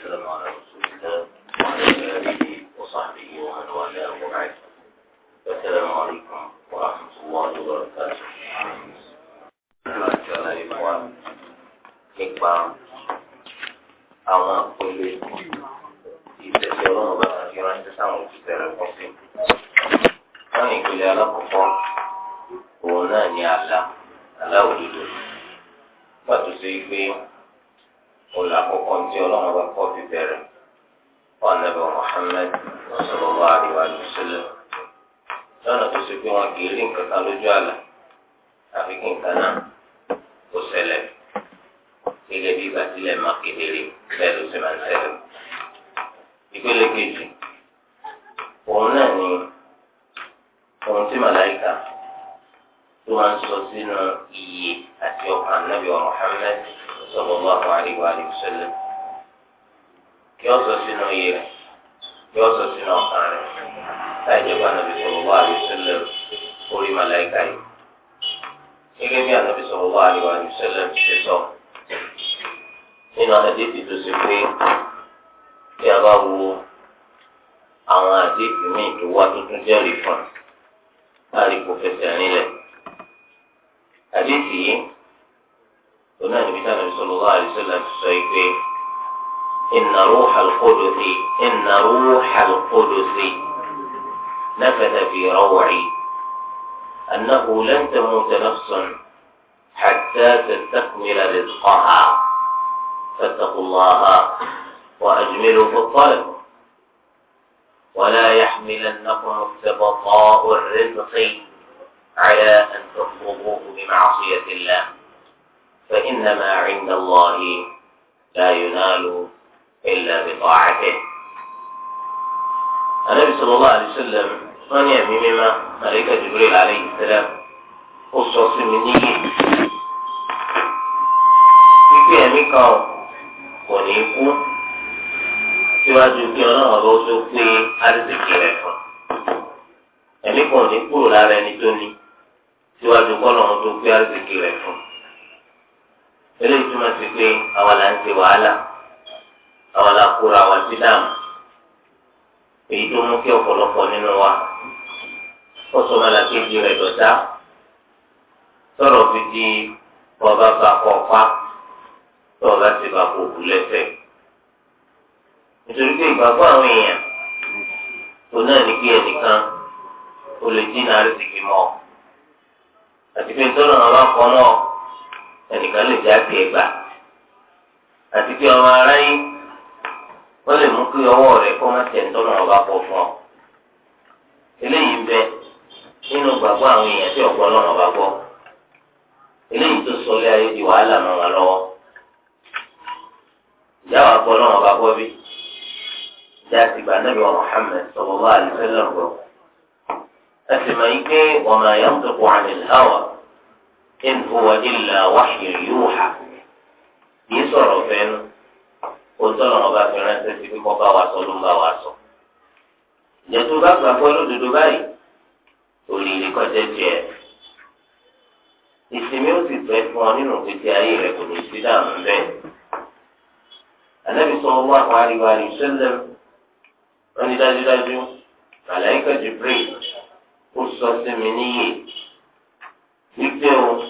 والسلام على رسول الله وعلى آله وصحبه ومن والاه وبعد السلام عليكم ورحمة الله وبركاته Ìjọba ìwà nípa àwọn àpèlè ìtẹ̀sí ọlọ́run bá ti ránṣẹ́ sáwọn òṣìṣẹ́ rẹ̀ pọ̀ sí. Wọ́n ní ìpele alákọ̀ọ́kọ́ òun náà ní àlá aláwọ̀ dúdú. Wọ́n tún ṣe pé òun àkọ́kọ́ tí ọlọ́run bá kọ́ fi bẹ̀rẹ̀ wọn nàbẹ Muhammad sallallahu alaihi wa sallam lọ́nà tó ṣe pé wọn kì í rí nǹkan kan lójú àlà àfi kí nǹkan náà kó ṣẹlẹ̀ gẹ́gẹ́ bí ìgbà tílẹ̀ máa kedere bẹ́ẹ̀ ló ṣe máa ń ṣẹlẹ̀ ìpele kejì òun náà ni ohun tí màláìka tó máa ń sọ sínú iye àti ọkàn nàbẹ Muhammad sallallahu alaihi wa sallam kí ó sọ sínú iye rẹ̀ kí ó sọ sínú ọkàn rẹ̀ láì jẹ́ pé ànábì sallallahu alaihi wa sallam orí màláìka yìí gẹ́gẹ́ bí ànábì sallallahu alaihi wa sallam ṣe sọ nínú àdéhùn tó ṣe pé bí a bá wo àwọn àdéhùn míì tó wá tuntun jẹ́rìí fún un láàrin kò fẹsẹ̀ nílẹ̀ àdéhùn yìí. ونهج بتامر صلى الله عليه وسلم في إن روح القدس إن روح القدس نفث في روعي أنه لن تموت نفس حتى تستكمل رزقها فاتقوا الله وأجملوا في الطلب ولا يحملنكم استبطاء الرزق على أن تطلبوه بمعصية الله فإن ما عند الله لا ينال إلا بطاعته النبي صلى الله عليه وسلم من يمي مما ملك جبريل عليه السلام قصص مني pípé ẹ̀mí kan kò ní kú síwájú kí ọlọ́run ọba ó tó pé àdìsíkì rẹ̀ fún ẹ̀mí kan ò ní kúrò lára ẹni tó ní síwájú kọ́ ọlọ́run tó pé àdìsíkì rẹ̀ fún un eléyìí túmọ̀ sí pé àwọn là ń ṣe wàhálà àwọn là kóra wa sí dáàmú èyí tó mú kí ọ̀pọ̀lọpọ̀ nínú wa ó sọ mọ́lá kejì rẹ̀ dọ̀tá sọ̀rọ̀ fi di bọ́ba bá kọ́ pa tọ́ọ̀ bá ti bá kó kú lẹ́sẹ̀ nítorí pé ìgbàgbọ́ àwọn èèyàn tó náà ní kí ẹnìkan ó lè dín náà rẹ̀ sì kí mọ́ àti pé tọ́lọ̀ náà bá náà. ẹnìkan lè já tiẹ̀ gbà àti pé ọmọ lè mú kí má ńtọ́nà ọba pọ̀ fún ọ. eléyìí bẹ nínú gbàgbọ́ àwọn èèyàn tí ọ̀pọ̀ ọlọ́run ọba gbọ́ eléyìí tó sọ lé ayé di wàhálà mọ́ wọn wa ọba gbọ́ bí ti gbà ẹ sì mọ̀ yín pé hawa. in huwa illa wahyu yuha kì í sọ̀rọ̀ fẹ́nu kó tọ́lọ̀ ọba fi ránṣẹ́ sí kíkọ́ bá wa sọ ló ń bá wa sọ. ìjẹ́tú bá gbàgbọ́ lódodo báyìí orí ìrìkọ́jẹ́ tiẹ̀. ìsinmi ó sì pẹ́ fún ọ nínú pété ayé rẹ̀ kò ní sí dààmú bẹ́ẹ̀. ànábì sọ wá pariwo àríṣẹ́lẹ̀ wọn ní dájúdájú màláìkà Jibril ó sọ sí mi níyì wípé o.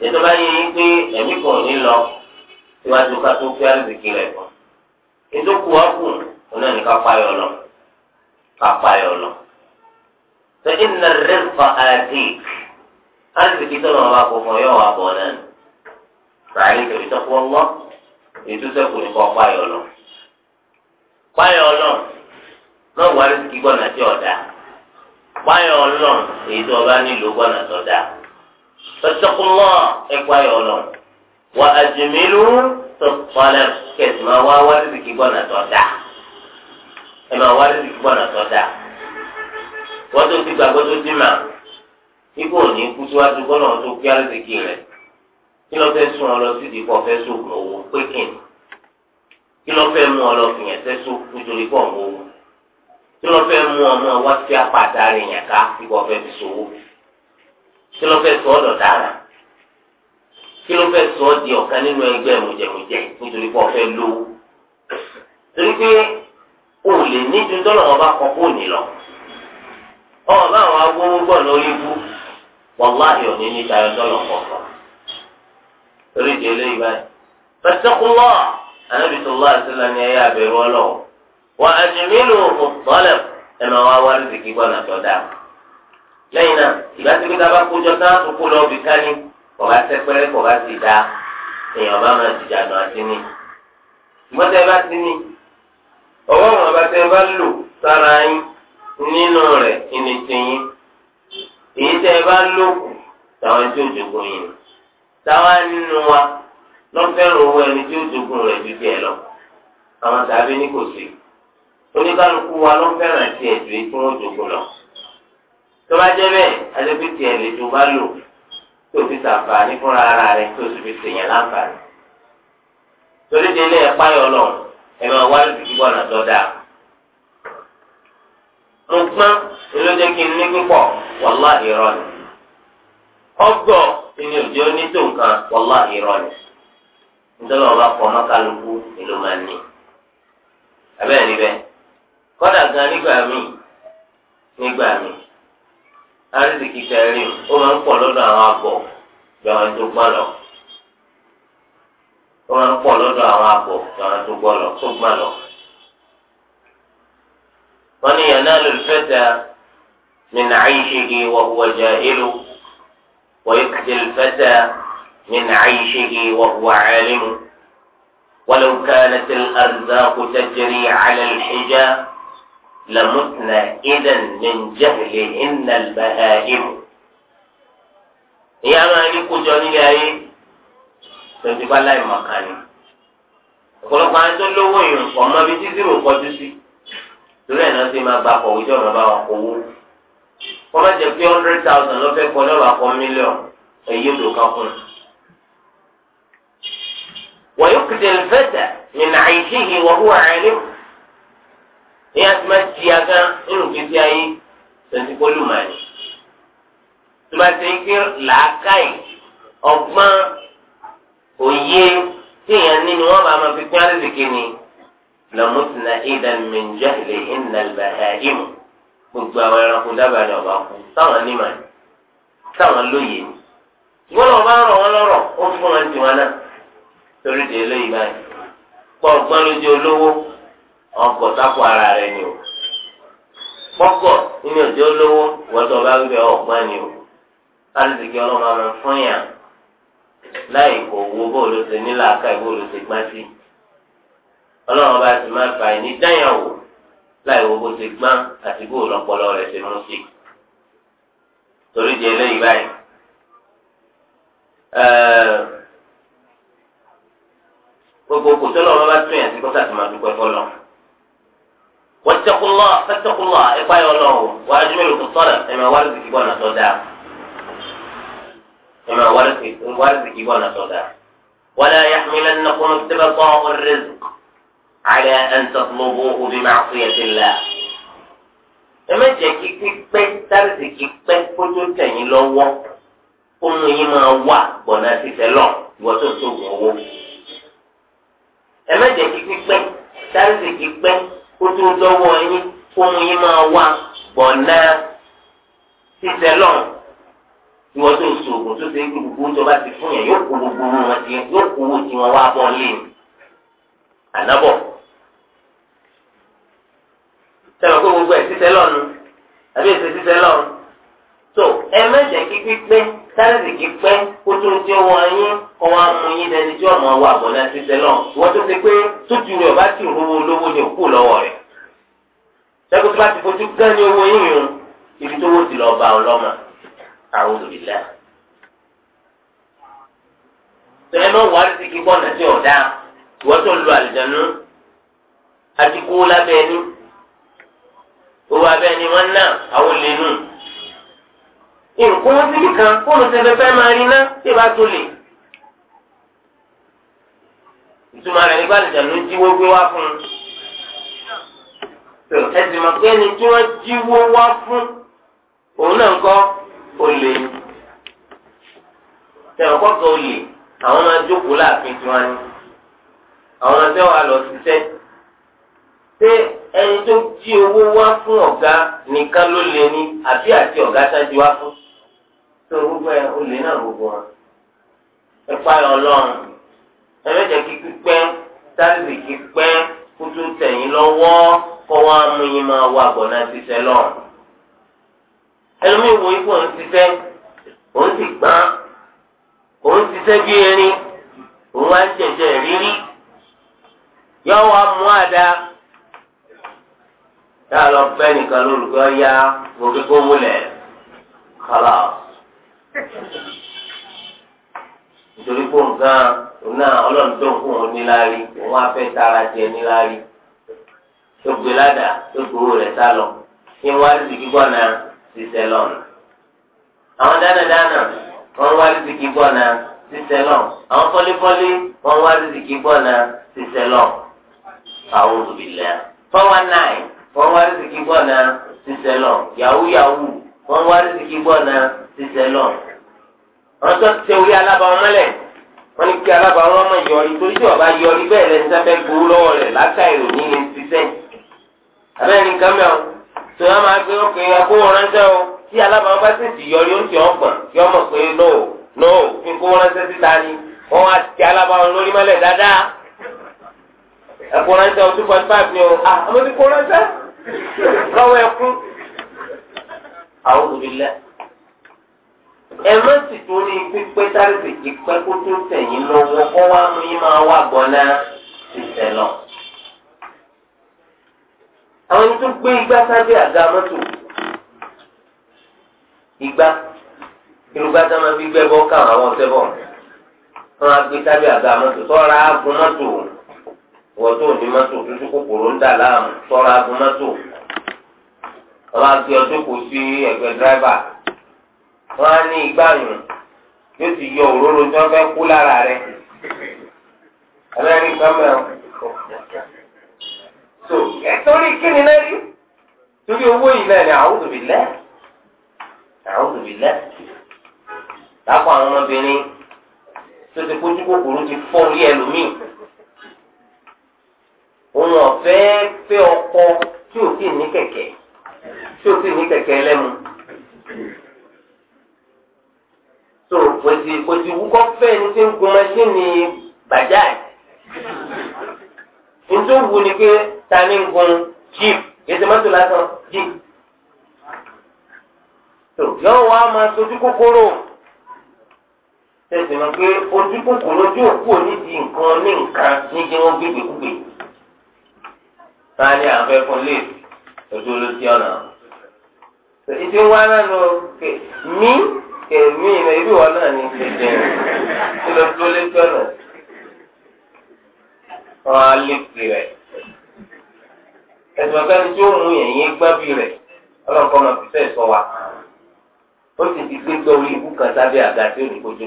nínú bá yẹ yín pé ẹ̀mí kan ò ní lọ síwájú ká tó fi àrùbíkì rẹ̀ kàn ìdókù ọ̀gùn òun náà ní ká payọ̀ lọ ká payọ̀ lọ. sọ ìnà rẹ̀ fa àdìk àrùbíkì tó lọ́wọ́ bá kó fún yóò wà bọ̀ náà ni. ràlí tòbí tó fún ọgbọ́n ètò sẹ́kù ní kọ́ payọ̀ lọ. lọ náà wà rẹ̀ sí kí gbọ́nà tí ọ̀dà payọ̀ lọ فاتقوا الله إقوى يولون وأجملوا في الطلب كما وارزك بنا تودع كما وارزك بنا تودع وتوتي بقوة الدماء ikú òní kú síwájú bọ́lá wọn tó kí àrísìkí rẹ̀ kí ló fẹ́ sún ọ lọ sí ìdíkọ̀ fẹ́ sóògùn owó pékin kí ló fẹ́ mú ọ fìyàn fẹ́ nítorí pọ̀ ń wò kí ló fẹ́ mú ọmọ wá sí apá àtàrí yẹn ká ìkọ̀ fẹ́ fi sòwò. kí ló fẹ́ sọ ọ́ dọ̀dára kí ló fẹ́ sọ ọ́ ọ̀kan nínú ẹgbẹ́ mùjẹ̀mùjẹ̀ nítorí pé ọ̀fẹ́ torí o lè ní ju tọ́lọ̀ wọn bá kọ fóònù lọ ọba àwọn agbowó gbọ́ lórí ibú wàláhì òní ní tayọ tọ́lọ̀ kọ̀ọ̀kan torí eléyìí báyìí fẹsẹ̀kúnlọ́ ni ẹ̀yà àbẹ̀rù ọlọ́wọ́ wà á lẹ́yìn náà ìgbà tí kíkà bá kójọ tán tó kó lọ bìkan ni kò bá sẹpẹrẹ kò bá sì dáa èèyàn bá máa jìjà nù àti ní. ṣùgbọ́n tẹ́ bá ti ní ọwọ́ àwọn ọba tẹ́ bá lò sára yín nínú rẹ̀ ìní tiyín èyí tẹ́ bá lò kù táwọn tí ó jogun yìí nù. nínú wa lọ́fẹ̀rẹ̀ owó ẹni tí ó jogun rẹ̀ ju tiẹ̀ lọ. àwọn tàbí ní kò sí oníkálukú wa lọ́fẹ̀rẹ̀ tiẹ̀ ju èyí tí wọ́n jogun lọ. tó bá jẹ́ bẹ́ẹ̀ adébítì lè bá lò tó fi sàǹfààní fúnra ara rẹ̀ tó sì fi sèyàn láǹfààní. torí délé ẹ̀ páyọ̀ lọ ẹ máa wá lójú kíkọ́ ọ̀nà tó mo gbọ́n ìlójẹ́ kí n ní púpọ̀ ọgọ́ òjò ní tó nǹkan wàlá irọ́ nítorí wọn bá mọ́kàlùkù ìlú máa ní. àrísìkí tẹ̀rí ó máa ń pọ̀ lọ́dọ̀ àwọn abọ̀ ju àwọn tó gbọ́n lọ. ó máa ń pọ̀ lọ́dọ̀ àwọn abọ̀ ju àwọn tó gbọ́n lọ tó gbọ́n lọ. wọ́n ní yanalu al-fata min 'ayshihi wa huwa jahilu wa yakdi al-fata min 'ayshihi wa huwa 'alimu. ولو كانت الأرزاق تجري على الحجاب لمتنا إذا من جهل إن البهائم ìyá máa ní kójọ nílé ayé tòun bá láì màkà ni ọ̀pọ̀lọpọ̀ àwọn tó lówó èèyàn pọ̀ mọ́ bí títí rò kọjú sí torí ẹ̀ náà ti máa gba kọ̀wé tí ọ̀nà bá wà kó wó wọ́n má jẹ́ pé hundred thousand ló fẹ́ kọ́ lọ́wọ́ àkọ́ èyí ò dòkan fún un. wọ́n yóò kìtìlì ní nàìjíríà wọ́n hùwà ẹ̀ nípa ní a ti máa ti aga nínú gbèsè ayé tẹ̀sí pọ́lù máa ní. tó bá ti ń gbé làákàyè ọgbọ́n òye téèyàn ní ni wọ́n bá máa fi pín àrísìkí ni lọ́mùtìnà ìdá mẹ́jọ ilé ìnà ìbàdà ìmù gbogbo àwọn ẹranko dábàá ni ọba kú táwọn ní màá táwọn lóye ni. ìwọ́n bá rọ̀ wọ́n lọ́rọ̀ ó fún wọn tiwọn náà torí de eléyìí báyìí pọ̀ ọgbọ́n lójú olówó ọkọ sápò ara rẹ ni o pọkọ nínú ìjọ lówó wọtọ bá wípé ọgbọ́n ni o láti kí ọlọmọ àwọn fún yàn láì kó owó bóòlù ṣe nílà ká ìbóòlù ṣe gbá sí ọlọ́run bá ti máa fà ní dáyàwó láì wo bó ṣe gbọ́n àti bóòlù ọpọlọ rẹ̀ ṣe mú sí torí di eléyìí báyìí gbogbo kò tó lọ́wọ́ bá tún yàn sí kó sàtìmọ́ dúpẹ́ fọlọ́. واتقوا الله فاتقوا الله إقبال الله وأجملوا في الطلب إما وارد كيبونا سوداء إما وارد كيبونا سوداء ولا يحملنكم استبطاء الرزق على أن تطلبوه بمعصية الله ẹmẹ jẹ́ kí pípẹ́ sáréṣì kí pẹ́ kótó tẹ̀yìn lọ́wọ́ kó mú yín máa wà gbọ̀nà títẹ lọ ìwọ tó sóògùn owó ẹmẹ jẹ́ kí pípẹ́ sáréṣì kí kó tó dọ́wọ́ yín kó mu yín máa wá gbọ̀nà títẹ lọ ìwọ tó sòògùn tó ṣe ń kí gbogbo tó bá ti fún yẹn yóò kó gbogbo wọn ti yóò kó owó tí wọn wá bọ́ lé ànábọ̀ sẹ́wọ̀n kó gbogbo ẹ̀ títẹ lọ́nu àbí èsè títẹ lọ́nu so ẹ mẹjẹ kí pípẹ́ sáyẹnsì pípẹ́ kó tó jẹ wọn yín kó wọn mú yín lẹni tí ọmọ wa bọ náà ti sẹlọ wọn tó ti pé tójú rẹ ọba ti rówó lówó ni òkú lọ́wọ́ rẹ sẹkùtù bá ti fojú gán ní owó yín yun ibi tó wó ti lọ bá ọ lọmọ àwọn olùdílà tẹ ẹ náà wàá ti kíkọ náà ti ọdá wọn tó lu àlìjánu àti kó lábẹ ẹni owó abẹ ẹni wọn náà àwọn lè nù olùkó wọn síbi kan fóònù tẹfẹ fẹ́ máa rí iná tí ìbá tó lè. ìtumọ̀ rẹ̀ nígbà tìjà ló jíwó gbé wá fún un. ẹ̀sìn mọ̀ pé ẹni tí wọ́n jíwó wá fún òun náà kọ́ olè. tẹ̀wọ̀n kọ́kọ́ olè àwọn máa jókòó láàfin tí wọ́n ní. àwọn máa tẹ́wọ̀ àlọ́ ṣiṣẹ́. ṣé ẹni tó jí owó wá fún ọ̀gá nìkan ló lè ní àbí àti ọ̀gá sáájú wá fún? tó gbogbo ẹ olè náà gbogbo wọn ẹ̀pá ẹ̀ kí pípẹ́ kí pẹ́ kó tó tẹ̀yìn lọ́wọ́ wá mú yín máa wá ṣiṣẹ́ lọ́run ẹlòmíì wo ṣiṣẹ́ òun sì òun ṣiṣẹ́ bí erin òun wá mú àdá lọ nìkan lórúkọ ya gbogbo nítorí pé nǹkan náà ọlọ́run tó ń kún òun níláárí òun á fẹ́ tara jẹ níláárí tó gbé ládàá tó gbowó rẹ̀ sá lọ kí wọ́n á rí kíkọ́ náà ṣiṣẹ́ lọ́nà. àwọn dánadáná wọ́n wá rí kíkọ́ náà ṣiṣẹ́ lọ́nà àwọn fọ́lífọ́lí wọ́n wá rí kíkọ́ náà ṣiṣẹ́ lọ́nà. àwọn olùbílẹ̀ four one nine wọ́n wá rí kíkọ́ náà ṣiṣẹ́ lọ́nà yahoo yahoo wọ́n wá rí kíkọ́ náà ṣiṣẹ́ lọ. wọ́n tó ti orí alábàáwọn mọ́lẹ̀ wọ́n ní kí alábàáwọn ọmọ yọrí torí tí ọba yọrí bẹ́ẹ̀ lẹ́sẹ̀ fẹ́ gbowó lọ́wọ́ rẹ̀ láká ìròyìn ní ṣiṣẹ́. abẹ́rẹ́ nìkan mẹ́wọ́ tó yọ máa gbé ọkọ̀ ìyá kó o tí alábàáwọn bá sì ti yọrí ó ti ọgbọ̀n yọ mọ̀ pé no no fi kó wọn ránṣẹ́ síta ni wọ́n wá ti alábàáwọn lórí mọ́lẹ̀ dáadáa ẹ̀kọ́ ránṣẹ́ o two point five ni o ah ọmọ ti kó ránṣẹ́ lọ́wọ́ ẹkún àwọn òbí lẹ́ ẹ má sì tún ní pípẹ́ sáré kì pẹ́ kó tó tẹ̀yìn lọ́wọ́ kó wá mú yín máa wà gbọ́ná ṣiṣẹ́ lọ. àwọn ẹni tó gbé igbá sábẹ́ àga mọ́tò igbá irúgbá fi gbẹ́ bọ́ káwọn àwọn ọ̀sẹ́ bọ̀ á gbé sábẹ́ àga mọ́tò sọ́ra gun mọ́tò wọ́n tó ní mọ́tò tuntun kòkòrò ń dà láàmú sọ́ra wọn á ní ìgbàyàn yóò ti yọ òróró tí wọn fẹ́ kú lára rẹ̀ abẹ́rẹ́ ní gbàmọ́ so ẹ̀tọ́rí kíni náà rí torí owó yìí náà ni àwọn òbí lẹ́ àwọn òbí lẹ́ lápò àwọn ọmọbìnrin tó ti kójú kòkòrò ti fọ́ orí ẹlòmíì òun ọ̀fẹ́ fẹ́ ọkọ tí ò sì ní kẹ̀kẹ́ tí ò sì ní kẹ̀kẹ́ lẹ́mu. so kò sì kò sì wúkọ́ fẹ́ ní tí ń gun mẹ́ṣíìnì bajaj nítorí wù ni pé ta ni ń gun jeep ètò mọ́tò lásán jeep so yọ̀ọ́ wá máa sojú kòkòrò tẹsí ma pé ojú kòkòrò lójú òkú onídìí nǹkan ní nǹkan ní kí wọ́n gbégbé gbé sáyẹn àfẹ́ fún lè ojú olóṣì ọ̀nà ìdí wa náà lọ kè mí kẹ̀mí rẹ̀ irú wọn náà ní kẹ̀kẹ́ tí lọ dúró lé tọ́nà wọn á lé pè rẹ̀ ẹ̀sùn ọ̀gá ni tí ó mú yẹn yẹn gbábí rẹ̀ ọlọ́nkọ́ máa fi fẹ́ sọ wa ó sì ti gbé gbọ́ orí ikú kan sábẹ́ àga tí ó ní kojú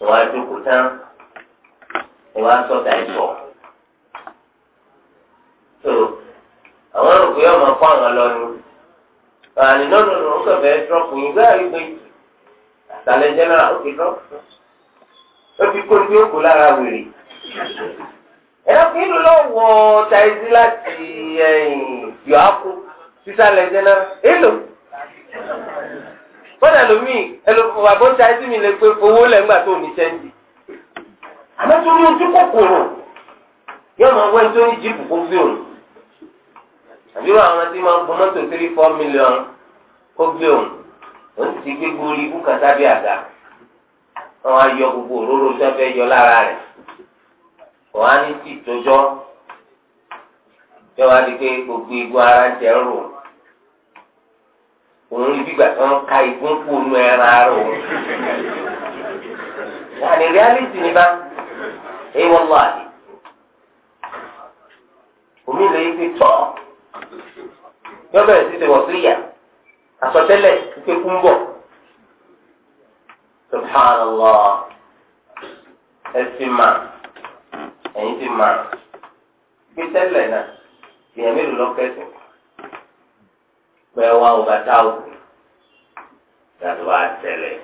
wọn á jókòó tán wọn á sọ̀tà ẹ̀sọ̀ tó àwọn olùkọ́ yóò máa kọ́ àwọn lọ́nu. àní náà nínú ó kẹfẹ dọpù yín gbé àyíkpé àtàlẹ jẹnẹra ó ti dọpù ó ti kó tí ó kó lára wèrè kí lọ wọ taizi láti yọ àkú sísàlẹ̀ jẹnẹra èlò bọ́dà lómi ẹlòmọ̀ bàbá taizi mi lè pé owó lẹ́gbàá tó ní sẹ́ńdì àmọ́ tó ní ojú kòkòrò yọ̀ọ́ máa wẹ́n tó ní jíìpù kó fi àbí wọn àwọn tí wọn gun mọ́tò three four million kó gbé òun òun ti gbé gbórí yọ gbogbo òróró tí wọn fẹ́ yọ lára rẹ̀ wọn á ní tí ìtọjọ yọwọ ara ń jẹ rò òun rí tí wọn ka igun kú nu ẹran n'i o reality ni bá èyí wọn lọ àdé omi lè tọ́. yọ bẹ̀rẹ̀ sí ṣe wọ̀síyà àsọtẹ́lẹ̀ kíké kú ń bọ̀ subhanallah ẹ ti mà ẹ̀yin ti mà gbé tẹ́lẹ̀ náà ìyẹn mélòó lọ́kẹ́sì pẹ́ wá ọba táwọn yàtọ̀ wá tẹ́lẹ̀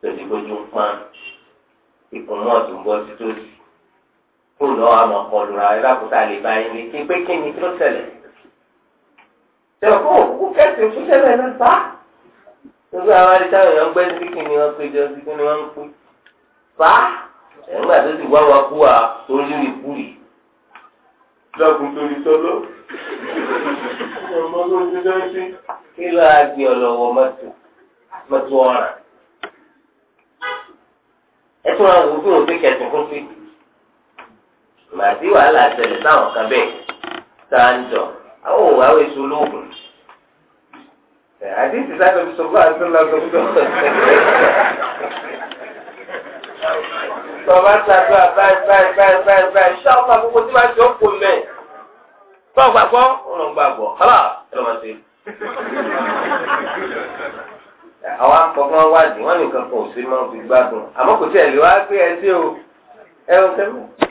lọ́sibójú ń pọ́n ikùn náà tún bọ́ sí tòsí kó lọ́ọ́ àmọ́ ọ̀lùrà ẹ̀rọ àkútà lè bá yín lé pé kí ni tó ṣẹlẹ̀ tẹ̀kọ́ kú kẹ́sì fún ṣẹlẹ̀ náà bá. nígbà àwọn adiṣẹ́ àwọn èèyàn gbẹ́ sí kí ni wọ́n pé jọ sí kí ni wọ́n ń pè. bá ẹ̀rọ̀gbà tó ti wá wa kú wa orí ìkú yìí. lọ́kùn tó di sọ́lọ́. ọmọ ló ń dídá sí. kí ló á gbé ọlọ́wọ́ mọ́tò mọ́tò ọ̀ràn. ẹ tún ra wò ó bí òun kẹ̀sìn fún sí ìgbà tí wàhálà ṣẹlẹ̀ sáwọn kan bẹ́ẹ̀ tá a ń jọ àwọn òwò àwọn èso lóògùn àdéhùn sáà tóbi sọ fún àtúntò lọ sọ fún tọba ṣàdúrà báyìí báyìí báyìí báyìí báyìí ṣá ọba gbogbo tí máa jọ kó mẹ tọ́ gbàgbọ́ ọ̀nà gbàgbọ́ ọ̀là ẹ lọ́mọ sí. àwọn akọ̀kọ́ wádìí wọ́n nìkan kan ò sí máa fi gbádùn àmọ́ kò tí ẹ̀ lè wá pé ẹ sí o ẹ ò tẹ́lẹ̀.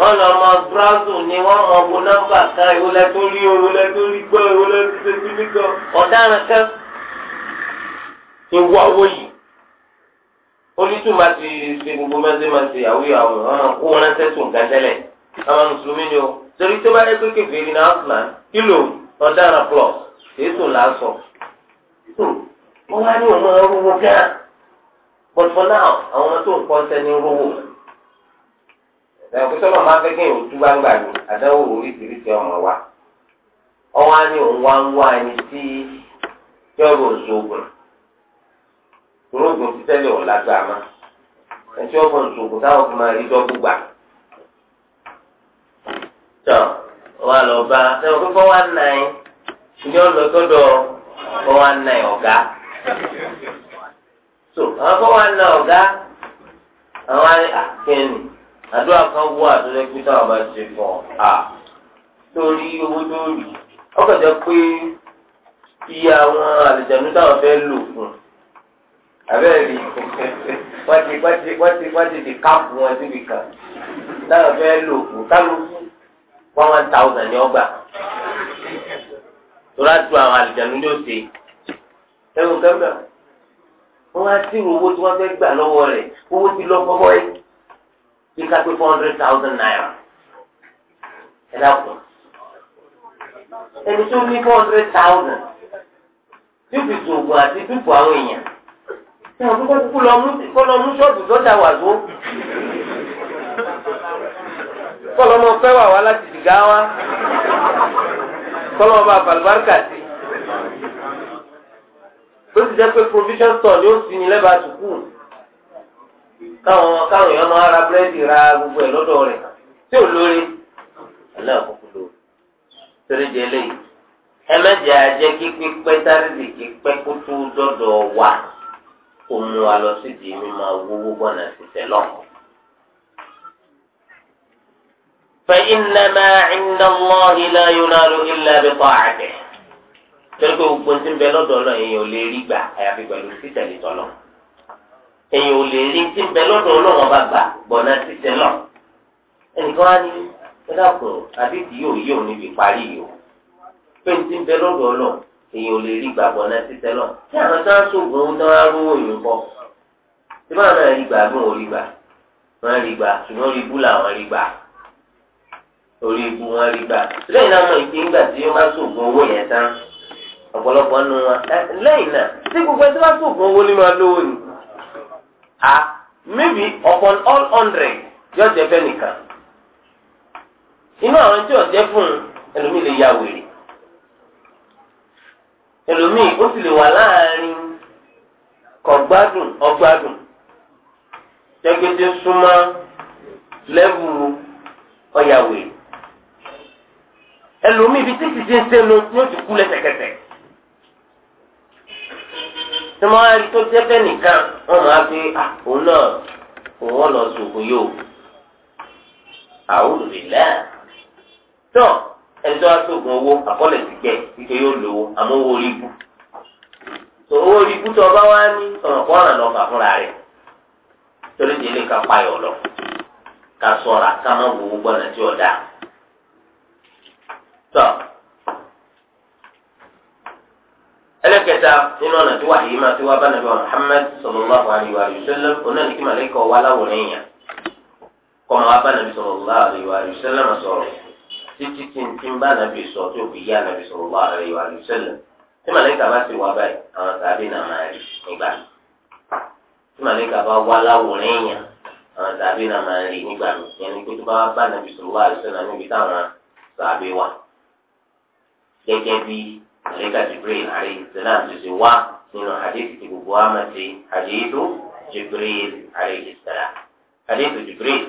wọ́n lọ mọ brazil ni wọ́n mọ wo nọ́mbà kan ìwọlẹ tó rí ìwọlẹ tó rí gbọ́ ìwọlẹ tó ṣe sí nìkan ọ̀daràn kan ìwọ owó yìí onítùmá ti ṣe gbogbo mẹsẹ máa ṣe yàwó yàwó ọmọ kó wọn ránṣẹ́ tó nǹkan tẹ́lẹ̀ àwọn mùsùlùmí ni o torí tó bá yẹ pé kébèrè náà fúnà kílò ọ̀daràn plus èso làásọ hmm. wọ́n wá ní òun máa ń rówó gán but for now àwọn ọmọ tó ń kọ́ sẹ́ni rówó. ẹ̀rọ pé a máa fẹ́ kéèyàn ojú bá ń gbà oríṣiríṣi ọmọ wa ọwọ́ á òun wá ń wá ẹni tí yọ̀rọ̀ òṣogun orógùn ti tẹ́lẹ̀ ọ̀ lágbára ẹni tí ọ̀gbọ̀n òṣogun táwọn fi máa rí dọ́gbù gbà. ọ̀nà ọ̀gá. so àwọn fọ́ ọ̀gá àdúrà kan wọ àtúnṣe pé táwọn bá ṣe fún ọ à lórí owó tó rí ọkọ̀ jẹ́ pé iye àwọn àlùjànnú táwọn fẹ́ lò fún abẹ́rẹ́ wọ́n ti wọ́n ti wọ́n ti wọ́n ti di káàpù wọn síbi kan táwọn fẹ́ lò fún kálukú one thousand ní ọgbà tó láti àwọn àlùjànnú ló ṣe ẹ̀rù kẹ́mẹ́rà wọ́n á sí owó tí wọ́n fẹ́ gbà lọ́wọ́ rẹ̀ owó ti lọ́ fọ́fọ́ yìí bí ká pé four hundred thousand naira ẹ dákun ẹni tó ní four hundred thousand yóò fi sòògùn àti dúpọ̀ àwọn èèyàn tí wọn kúkọ́ kúkú lọ mú ṣọ́ọ̀bù sọ́jà wà tó kọlọmọ fẹ́ wà wá láti dìgá wa kọlọmọ bá balibarika sí ó ti jẹ́ pé provision store ni ó sì ní lẹ́bàá sùkúù táwọn ọmọ káwọn èèyàn máa ra búrẹ́dì ra gbogbo ẹ̀ lọ́dọ̀ rẹ̀ tí ò lórí aláàkókò lórí torí di eléyìí ẹ mẹ́jẹ ajẹ́ kí pípẹ́ sáréjì kí pẹ́ kó tó dọ́dọ̀ wá kó mú wa lọ sídìí mímọ owó gbọ́nà ṣiṣẹ́ lọ́kọ̀ọ́. فإن ما عند الله لا ينال إلا بطاعته. torí pé gbogbo ti ń bẹ lọ́dọ̀ ọlọ́run èèyàn ò lè èyàn ò lè rí tí bẹ lọ́dọ̀ ọlọ́wọ́n bá gbà gbọ̀nà títẹ lọ. ẹnìkan á ní ẹ̀dàkùn àdìsí yóò yí òun níbi parí yìí o pé tí bẹ lọ́dọ̀ ọlọ́ èyàn ò lè rí gbà gbọ̀nà títẹ lọ. tí àwọn tí wọ́n sóògùn ohun tí wọ́n á rówó yìí pọ̀ tí wọ́n náà rí gbà bí wọ́n rí gbà wọ́n rí gbà ṣùgbọ́n rí bú làwọn rí gbà orí ibu wọn rí gbà lẹ́yìn náà wọn ìpín gbà tí wọ́n bá sóògùn owó yẹn tán ọ̀pọ̀lọpọ̀ nù wọn lẹ́yìn náà tí gbogbo ẹni ah maybe upon all hundred yóò jẹ fẹ́ nìkan inú àwọn tí yóò jẹ fún ẹlòmíì lè ya wèrè ẹlòmíì ó sì lè wà láàrin kọgbádùn ọgbádùn jẹgbẹjẹ súnmọ́ lẹbù ọyàwèrè ẹlòmíì ibi títí ti ń sẹnu ni ó kú lẹ́sẹ̀kẹsẹ̀ tí wọ́n á rí tó jẹ́ pé nìkan wọ́n máa fi òun náà òun lọ sògùn yóò àwọn olùdílé tó ẹni tó wá sògùn owó àkọlẹ̀ ti jẹ́ ike yóò lówó àmọ́ owó orí bù tó owó orí bù tó ọba wá ní ọ̀nà kó ọ̀nà lọ́kà fúnra rẹ̀ torí délé ká payọ̀ lọ ká sọ̀ra ká má wo gbọ́nà tí ọ̀dà tó. ẹlẹ́kẹta nínú ọ̀nà tí wàhíì máa fi wá bá nàbẹ́ Muhammad sallallahu alayhi wa sallam oná ní kí màlẹ́kọ̀ wá láwòrán èèyàn kọ́ máa bá nàbẹ́ sallallahu alayhi wa sallam sọ̀rọ̀ títí tí n ti bá sọ tó fi yá nàbẹ́ sallallahu alayhi wa sallam tí màlẹ́kà bá ti wá báyìí àwọn tàbí nà máa rí nígbà tí màlẹ́kà bá wá láwòrán èèyàn àwọn tàbí nà máa rí nígbà yẹnni pé tó bá bá nàbẹ́ sallallahu alayhi wa sallam níbi táwọn tàbí wà gẹ́gẹ́ bíi malaika jibril alayhi salam ti wá nínú hadith ti gbogbo wa ti hadithu jibril alayhi hadithu jibril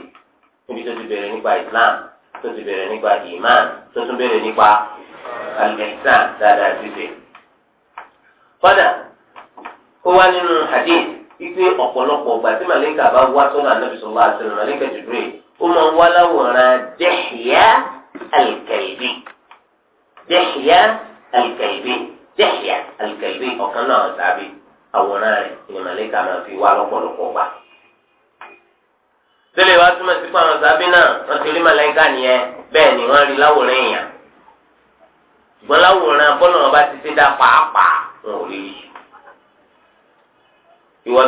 níbi tó ti bẹ̀rẹ̀ nípa islam tó ti bẹ̀rẹ̀ nípa iman tó al dáadáa ó wá nínú hadith ipe ọ̀pọ̀lọpọ̀ ọgbà tí bá wá Alika Yahya alikẹ̀lẹ́bí ọ̀kan náà tàbí àwòrán na ìyẹ̀mọ̀lẹ́ka fi wá lọ́pọ̀lọpọ̀ gbà. tẹ́lẹ̀ wa túmọ̀ sí pé àwọn náà wọ́n ti rí ni wọ́n rí láwòrán ẹ̀yà. ṣùgbọ́n láwòrán bá ti ṣe dá pàápàá i wa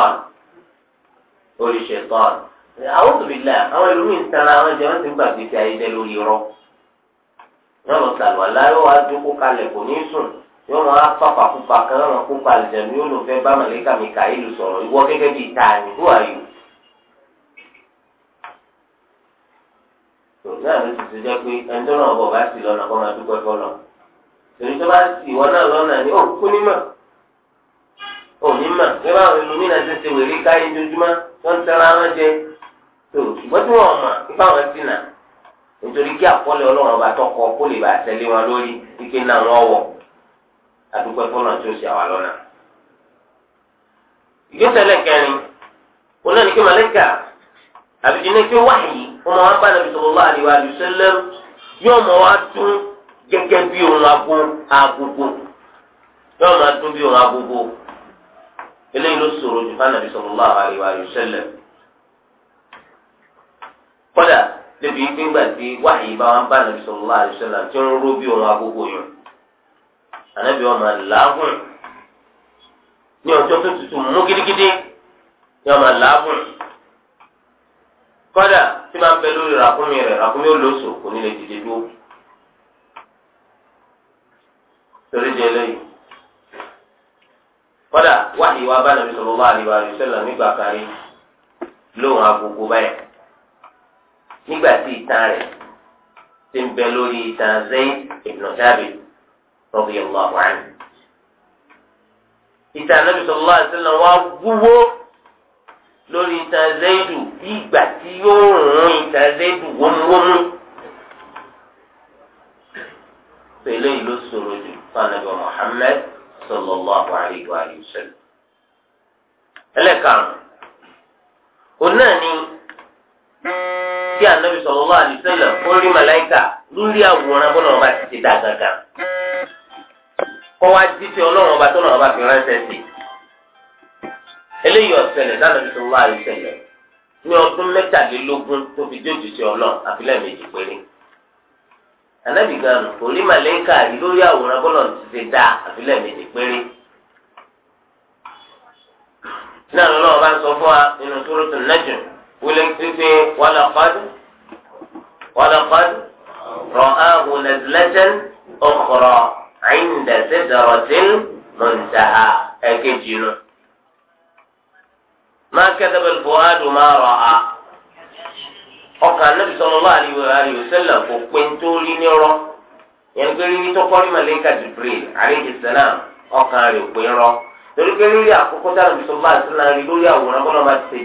ti orí ṣẹ̀tọ́n àwọn òbílà àwọn ẹlòmíín sanra àwọn jẹ́ wọ́n ti gbàgbé ti ayédè lórí rọ́ yóò lọ sàlùwàlá yóò wá dúkú kalẹ̀ kò ní sùn yóò máa fàfà pupa kan yóò máa pupa àlùjẹ̀mí yóò lò fẹ́ bá màlẹ́kà Mikaílù sọ̀rọ̀ ìwọ gẹ́gẹ́ bíi tààyè who are you. tòun náà ló ti ti jẹ́ pé ẹni tó náà bọ̀ bá sì lọ́nà kó máa dúpẹ́ fọ́lọ́ torí tó bá sì ìwọ náà lọ́nà ni ó kú nímọ̀ ó nímọ̀ bí wọ́n àwọn ẹlòmíín náà ti ṣe wèrè káyé ojoojúmọ́ wọ́n tẹ́ra wọn jẹ tó ṣùgbọ́n tí wọ́n mọ̀ nípa wọn sí náà nítorí kí àkọọ́lẹ̀ ọlọ́run ọba tọkọ kó lè ike náà wọ́n wọ̀ àdúgbò fọlọ́ tó ṣe àwa lọ́nà. ìgbésẹ̀lẹ̀ kẹrin ní kí kí wáyé ọmọ wa bá nàbí sọ̀rọ̀ láàrin àdùsẹ́lẹ̀ yóò mọ̀ wá tún gẹ́gẹ́ bí òun agogo yóò bí òun agogo. eléyìí ló sòrò jù fún anabi tí wáyé bá wọn wa tí ń ró bí agogo yàn anabi wọn máa làágùn ní ọjọ́ tó tutù mú gidigidi ní wọn máa kọ́dà wáyé wa bá nàbí sọ̀rọ̀ wá àríwá rẹ̀ sẹ́lẹ̀ nígbà kárí lóhùn agogo báyìí nígbà tí ìtàn rẹ̀ ti ń bẹ lórí ìtàn Zayd ibn Thabit radiyallahu anhu. ìtàn nàbí sọ̀rọ̀ wá sẹ́lẹ̀ wá wúwo lórí ìtàn Zaydu bí ìgbà tí yóò rún ìtàn Zaydu wómúwómú. pẹ̀lú ìlú sọ̀rọ̀ jù fún anabi Muhammad. sallallahu alayhi wa sallam. ẹlẹ́karùn-ún òun náà ni tí anabi sallallahu alayhi wa sallam ó rí màláìkà lórí àwòrán bọ́lá ọba ti ti dá gangan kọ́ wá jíjẹ ọlọ́run ọba tó náà ọba fi ránṣẹ́ sí eléyìí ọ̀sẹ̀lẹ̀ dáná sallallahu alayhi wa sallam ní ọdún mẹ́tàlélógún tó fi ọlọ́run àfi lẹ́ẹ̀mejì péré. anabi gan orí màlẹ́kà yìí lórí àwòrán bọ́lọ̀ ti ṣe dá àfilẹ̀ méjì péré. ní àná náà bá ń sọ fún wa nínú Suratul Najm wọlé pípé walaqad walaqad ra'ahu nazlatan ukhra 'inda sidratil muntaha ẹ̀kejì nù. ma kadhaba al-fu'adu ma ra'a. ọkàn anabi sallallahu alaihi wasallam kò pé nítorí nírọ́ yẹn pé rírí tó kọ́ ní màlẹ́kà Jibril alayhi salam ọkàn rẹ̀ pé rọ́ torí pé rírí àkókò tí rí lórí àwòrán máa ti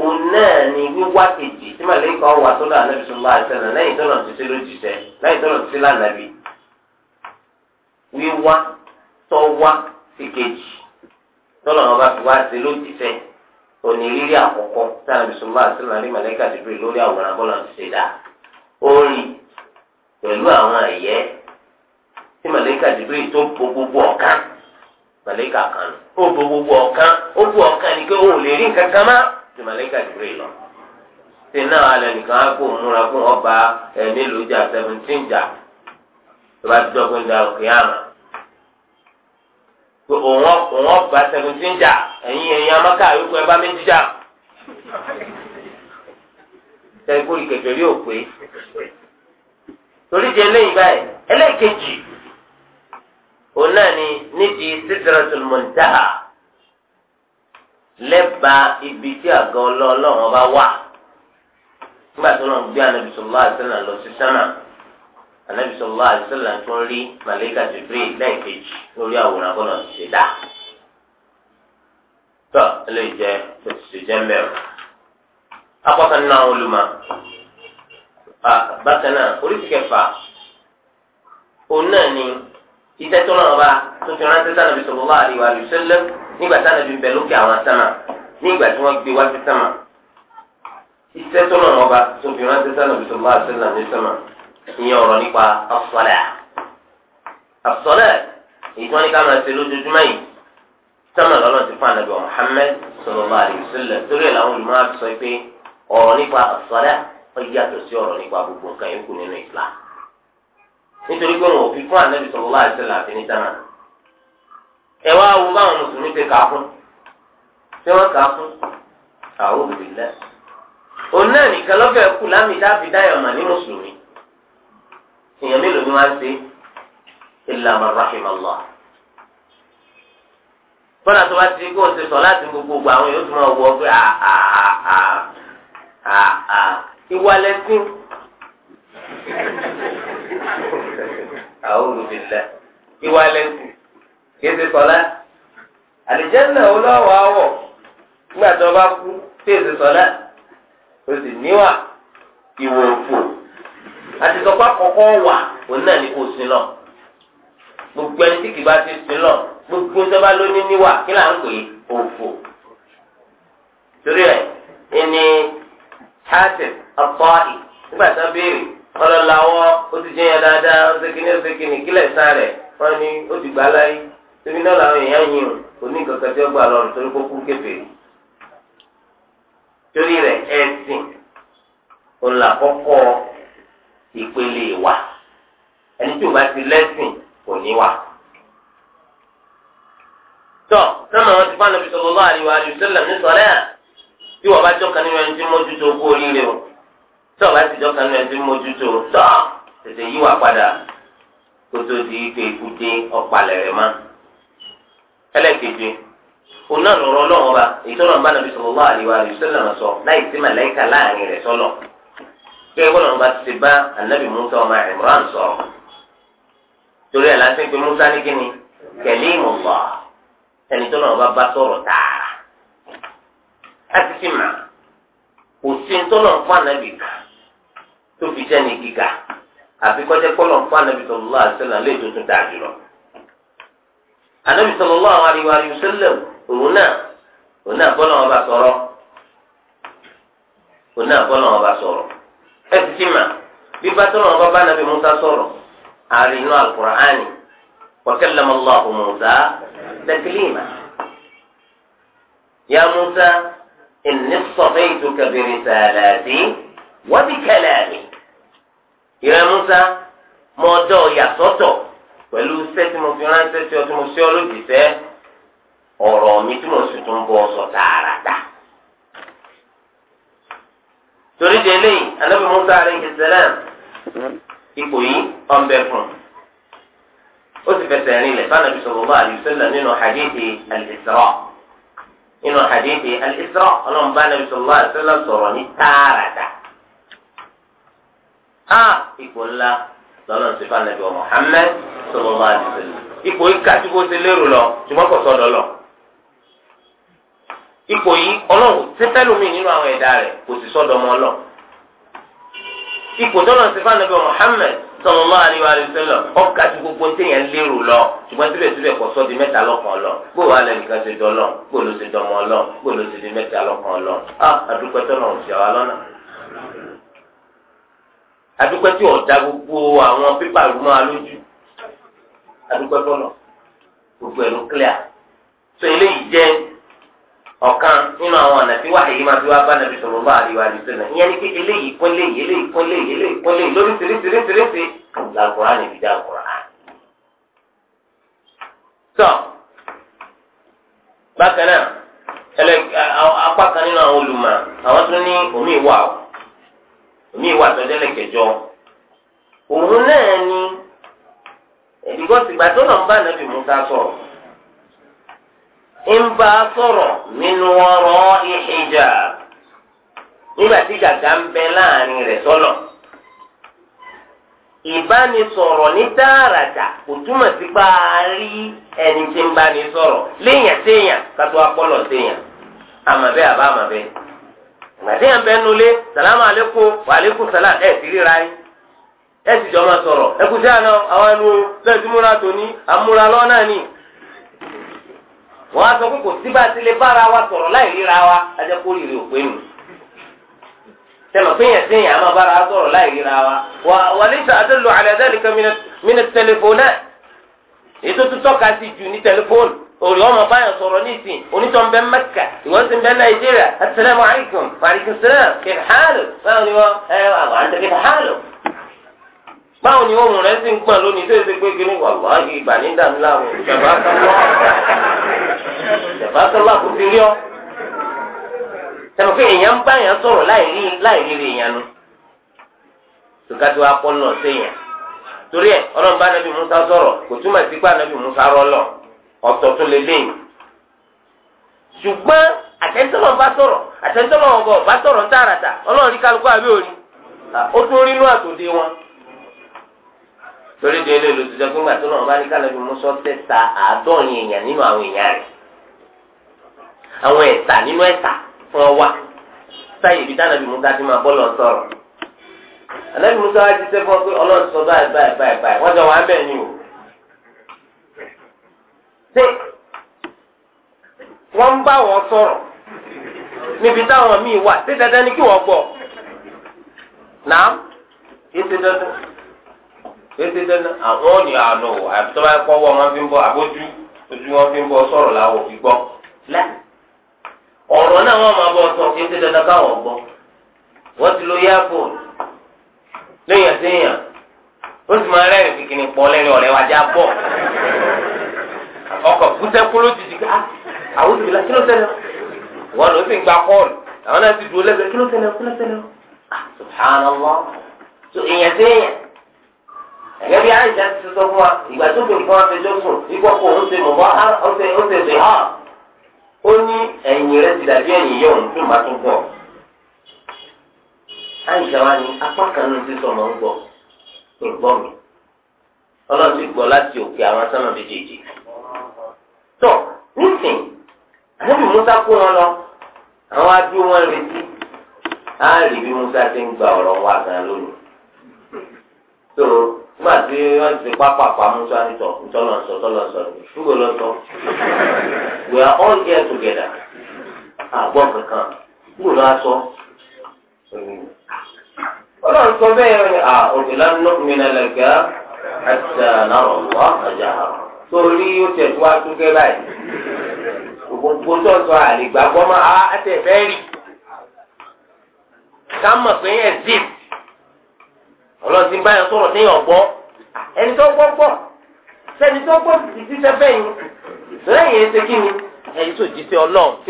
òun náà ni wíwá kejì tí tọ́nà ti tọ́nà ti wíwá tọ́wá kejì tọ́nà wá onírírí àkọ́kọ́ sáà bisimilá àtúnlá ní mẹlẹ́kà dìbò lórí àwòrán bọ́lá ti ṣe dá pẹ̀lú àwọn ẹ̀yẹ tí mẹlẹ́kà tó bo gbogbo mẹlẹ́kà kan ó bo gbogbo ọ̀kan ó bo ọ̀kan ni pé ó lè rí nǹkan kan má mẹlẹ́kà lọ ṣe náà alẹ́ nìkan á kó ọba ẹ̀ mélòó jà seventeen jà tó ti dọ́gbọ́n òkè àmà. pé òun òun bá seventeen jà ẹ̀yin ẹ̀yin amáka àyókù ẹ méjì jà tẹ̀gbọ́n kẹfẹ́ rí òpè torí di eléyìí báyìí ẹlẹ́ẹ̀kejì òun náà ni níbi sidratul muntaha lẹ́bàá ibi tí àgọ́ bá wà nígbà tó náà gbé ànábìsọ̀lá àti sẹ́nà lọ sí sánà. anabi sallallahu alaihi wasallam tó ń rí màlẹ́kà jibril lẹ́ẹ̀kejì lórí àwòrán bọ́lá ṣe dá. tọ́ ilé ìjẹ́ òṣìṣẹ́ jẹ́ mẹ́rin. akọ́kọ́ nínú àwọn olùmọ̀ bákan náà oríṣi kẹfà òun náà ni iṣẹ́ tó náà bá tó fi ránṣẹ́ sànàbí sallallahu alaihi wasallam nígbà sànàbí bẹ̀ lókè àwọn sánà nígbà tí wọ́n gbé wá sí sánà iṣẹ́ tó náà bá tó fi sànàbí sallallahu alaihi ní sánà ìyẹn ọ̀rọ̀ nípa ọ̀sọ̀lẹ̀ ọ̀sọ̀lẹ̀ ìjọ ní ká máa ṣe lójoojúmọ́ yìí sọ́mọ̀ lọ́lọ́ ti fún anabi Muhammad sallallahu alaihi wasallam torí ẹ̀ làwọn olùmọ̀ àti sọ pé ọ̀rọ̀ nípa ọ̀sọ̀lẹ̀ wọ́n yàtọ̀ sí ọ̀rọ̀ nípa gbogbo nǹkan yòókù nínú Islam nítorí pé wọn ò fi fún anabi sallallahu alaihi wasallam àfi ní sámà ẹ wá wo báwọn mùsùlùmí ti kà á fún ṣé wọ́n kà á fún àwọn òbí òun náà nìkan lọ́fẹ̀ẹ́ kù lámì dáàbì dáyọ̀mà ní mùsùlùmí máa ń ṣe illa man rahimallah. bọ́lá tó bá ti kó o ṣe sọ láti gbogbogbò àwọn yóò tún máa wọ pé ìwà lẹ́sìn. àwọn olùdílé ìwà lẹ́sìn kì í ṣe sọlá àlìjẹ́nà olówó àwọ̀ nígbà bá kú tí èsì sọlá o sì níwà ìwò àti sọpá kọ̀kọ́ wà òun náà ní kò sin lọ gbogbo ẹni tí kìí bá ti sin lọ gbogbo sọba níwà kí là ń pè òfò torí ẹ ẹni nígbà tó béèrè ọlọ́láwọ́ ó ti dáadáa ó ti kíni ó ti kíni kílẹ̀ rẹ̀ wọ́n ní ó ti gbà láyé tóbi náà làwọn èèyàn yìí ò ní ìpele ìwà ẹni tí o bá ti lẹ́sìn kò ní wà. tọ́ sọ́nà wọn ti fáwọn ìṣòro lọ́wọ́ àríwá àríwá ní sọ́lẹ́ à bí wọ́n bá jọ́ka nínú ẹni tí mójútó owó oríire o tọ́ bá ti nínú ẹni tí tọ́ tètè yíwà padà kó tó di ipe ikú bẹ́ẹ̀ wọ́n lọ́nà bá ti bá anabi musa ọmọ imran sọ̀rọ̀ torí ẹ̀ láti pé musa ní kíni kẹlíìmù lọ ẹni tó lọ́nà bá bá sọ̀rọ̀ tààrà láti fi mà kò sí tó lọ́nà fún anabi kan tó fi jẹ́ ní gíga àfi kọjá kó lọ́nà fún anabi sallallahu alaihi wasallam lè tó tún dáa jùlọ. anabi sallallahu alaihi wasallam òun náà òun náà bọ́ lọ́nà bá sọ̀rọ̀ òun náà bọ́ lọ́nà bá sọ̀rọ̀ ẹsì ti mà bí bàtọ́nà ọba bá nàbí musa sọ̀rọ̀ àárín inú alukur'ani wa kallama Allahu musa taklima ya musa inni istafaytuka bi risalati wa bi kalami ìrẹ musa mọ yàtọ̀tọ̀ pẹ̀lú sẹ́tì mo fi ránṣẹ́ sí ọ tí mo ṣe ọ lójijì sẹ́ ọ̀rọ̀ mi tí mo sì tún bọ́ sọ tààràtà. torí de eléyìí anabi musa aleyhi salam ipò yìí ọ̀nbẹ fún ó sì fẹsẹ̀ rìn lẹ̀ fanabi sallallahu alayhi wa sallam nínú hadithi al-isra nínú hadithi al-isra ọlọ́mùbá anabi sallallahu alayhi wa sallam sọ̀rọ̀ ní tààràtà á ipò ńlá lọ́lọ́run sí fanabi wa muhammed sallallahu alayhi wa sallam ipò yìí kàtí bó ti lérò lọ ṣùgbọ́n kò sọ̀dọ̀ lọ ipò yìí ọlọ́run ti fẹ́ lómi nínú àwọn ẹ̀dá rẹ̀ kò sì sọ́dọ̀ ọmọ ọlọ́ ipò tọ́lọ̀ sí fún anabi Muhammad sallallahu alaihi wa sallam ọ̀gá tí gbogbo téèyàn lérò lọ ṣùgbọ́n síbẹ̀síbẹ̀ kò sọ di mẹ́ta lọ́kàn lọ bó wàá lẹ́nìkan ṣe dọ́lọ́ bó ló ṣe dọ́mọ lọ bó ló ṣe di mẹ́ta lọ́kàn lọ àdúpẹ́ tọ́lọ̀ ń ṣe wa lọ́nà. àdúpẹ́ tí ọ̀dà gbogbo àwọn pépà rú máa lójú àdúpẹ́ tọ́lọ̀ gbogbo ẹ̀ ló clear so eléyìí jẹ́ ọ̀kan nínú àwọn ọ̀nà tí wàhálà yìí máa fi wá bá nàbí sọ̀rọ̀ bá àríwá náà ìyẹn ni pé eléyìí kún eléyìí eléyìí kún eléyìí eléyìí kún eléyìí lórí tìrìtìrìtìrìtì làkùrá dá àkùrá. sọ bákan náà ẹlẹ apá kan nínú àwọn olùmọ̀ àwọn tó ní omi ìwà o omi ìwà ni tó náà ń ń sọ̀rọ̀ min wara'i hijab nígbà tí gàgà ń bẹ láàrin rẹ̀ sọ́lọ̀ ìbánisọ̀rọ̀ ní tààràtà kò túmọ̀ sí pa rí ẹni tí ń báni sọ̀rọ̀ léèyàn séèyàn kátó séèyàn àmàbẹ́ àbá àmàbẹ́ gbàdé bẹ́ẹ̀ nulẹ̀ wa aleykum salam ẹ̀ ti ríra yín ẹ̀ ti jọ sọ̀rọ̀ àná àwọn ẹnu tòní àmúra lọ́nà ni wọ́n á sọ pé kò sí bá a ti lè bára wa sọ̀rọ̀ láì ríra wa ajẹ́ kó rírì òpé nù. tẹ̀lọ̀ péyàn séyàn á máa bára wa sọ̀rọ̀ láì ríra wa wà wà ní sàdúlù àlẹ́dẹ́lì kan mìíràn tẹlifóònù ètò tó tọ́ka sí jù ní tẹlifóònù òrì ọmọ báyọ̀ sọ̀rọ̀ ní ìsìn onítọ̀n bẹ́ẹ̀ mẹ́kà ìwọ́n ti bẹ́ẹ̀ nàìjíríà asalaamu alaykum maaleykum salaam kìí báwo ni wọ́n ẹ àwọn àti kìí xaalu. báwo ni wọ́n múra ẹ sì ń gbọ́n lónìí tó yẹ kó gbé ní wàlúwàá ìgbà ní dàmílà ìjọba kan lọ́wọ́. bàtọ́lá kò fi rí ọ. sẹ́wọ̀n èèyàn sọrọ bá èèyàn sọ̀rọ̀ láì rírí èèyàn nu. tòkàtì wa pọ́ lọ séèyàn. torí ẹ̀ ọlọ́run bá nàbì Musa sọ̀rọ̀ kò túmọ̀ sí pé Musa ọ̀tọ̀ lè léyìn. ṣùgbọ́n bá sọ̀rọ̀ ọ̀gọ̀ bá sọ̀rọ̀ ń tààràtà ọlọ́run rí kálukú àbí ó tún rí inú wọn. torí àwọn ẹ̀sà nínú ẹ̀sà fún ọ wà sáyé ibi táwọn ẹbí musa ti máa bọ́ lọ sọ̀rọ̀ ànábì musa wá ti sẹ́fọ́ pé ọlọ́run sọ báyìí báyìí báyìí báyìí wọ́n jọ wà ń bẹ̀ ni o. ṣé wọ́n ń bá wọn sọ̀rọ̀ níbi táwọn míì wà ṣé dandan ni kí wọ́n gbọ́ náà ètè dandan ètè dandan àwọn ò ní àánú o tó bá kọ́ wọ́n máa fi ń bọ́ àbójú ojú wọn fi ń bọ́ sọ̀rọ̀ làwọn ò fi gbọ́ láì. ọ̀rọ̀ náà wọ́n máa bọ̀ sọ kí ó ti dandan káwọn gbọ́ wọ́n ti lo yáàbò léèyàn séèyàn ó sì máa rẹ́rìn kìkìnì pọ̀ lẹ́rìn ọ̀rẹ́ wa já bọ̀ ọkọ̀ kúsẹ́kú ló ti ká kí ló gba kọ́ọ̀lù àwọn náà ti dúró lẹ́gbẹ̀ẹ́ kí ló ṣẹlẹ̀ kí ló ṣẹlẹ̀ ah, subhanallah tó èèyàn ó ní ẹ̀yìn si ti dàbí ẹ̀yìn yẹ̀ òun fún màtún pọ̀. àìsàn wa ni apá kan ní sísọ mọ̀ ń gbọ́ kò gbọ́ mi ọlọ́run ti gbọ́ láti òkè musa kó wọn lọ àwọn adúló wọn retí á rí bí musa ti gba ọ̀rọ̀ wa gan máa dé wọ́n ti pápá pamọ́ tó a ti tọ̀ ntọ́lọ́sọ tọ́lọ́sọ dúró lọ́tọ́ we are all here together àgbọ̀ kankan dúró lọ́sọ. ọlọ́run sọ bẹ́ẹ̀ ni à òkèlá nọ́ọ̀mìnà lẹ́gà àti nàrọ̀ wá àjà torí ó tẹ̀ tó wá tó gẹ́ báyìí gbogbo tó ń sọ àlè gbàgbọ́ máa á tẹ̀ fẹ́ rì ká mọ̀ pé ẹ̀ zip. ọlọ́run ti ń báyọ̀ sọ̀rọ̀ téèyàn gbọ́ ẹni tó gbọ́ gbọ́ sẹ́ni tó gbọ́ títí sẹ́fẹ́ yìí lẹ́yìn ẹsẹ̀ kí ni ẹ̀yìn tó kí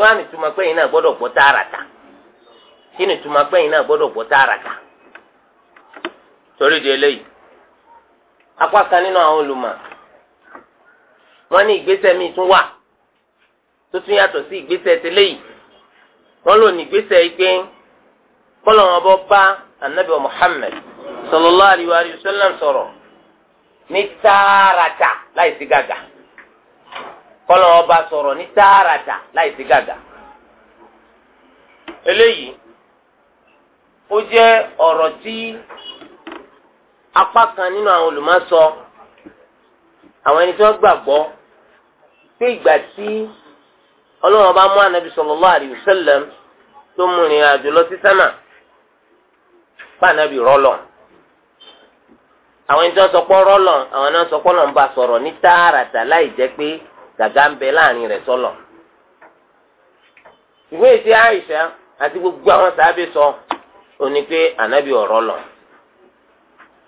wọ́n á ní pẹ́yìn náà gbọ́dọ̀ gbọ́ tààràtà kí ni pẹ́yìn náà gbọ́dọ̀ gbọ́ tààràtà di eléyìí apá kan nínú àwọn anabi muhammed. sallallahu alaihi wa sallam sọ̀rọ̀ ní tààràtà gàgà kọlọ ọba sọrọ ní tààràtà eleyi o gàgà eléyìí ó jẹ́ ọ̀rọ̀ tí apá kan nínú àwọn sọ àwọn ẹni tí pé ìgbà tí ọba mú anabi sallallahu alaihi wa tó mú àjò lọ sí sánà anabi àwọn ìjọ sọpọ rọlọ àwọn náà sọpọ lọ ń bá sọ̀rọ̀ ní tààràtà láì jẹ́ pé gàgà ń bẹ láàrin rẹ̀ sọlọ. ìwé àti gbogbo àwọn sábẹ sọ òní pé ànábì ọrọ lọ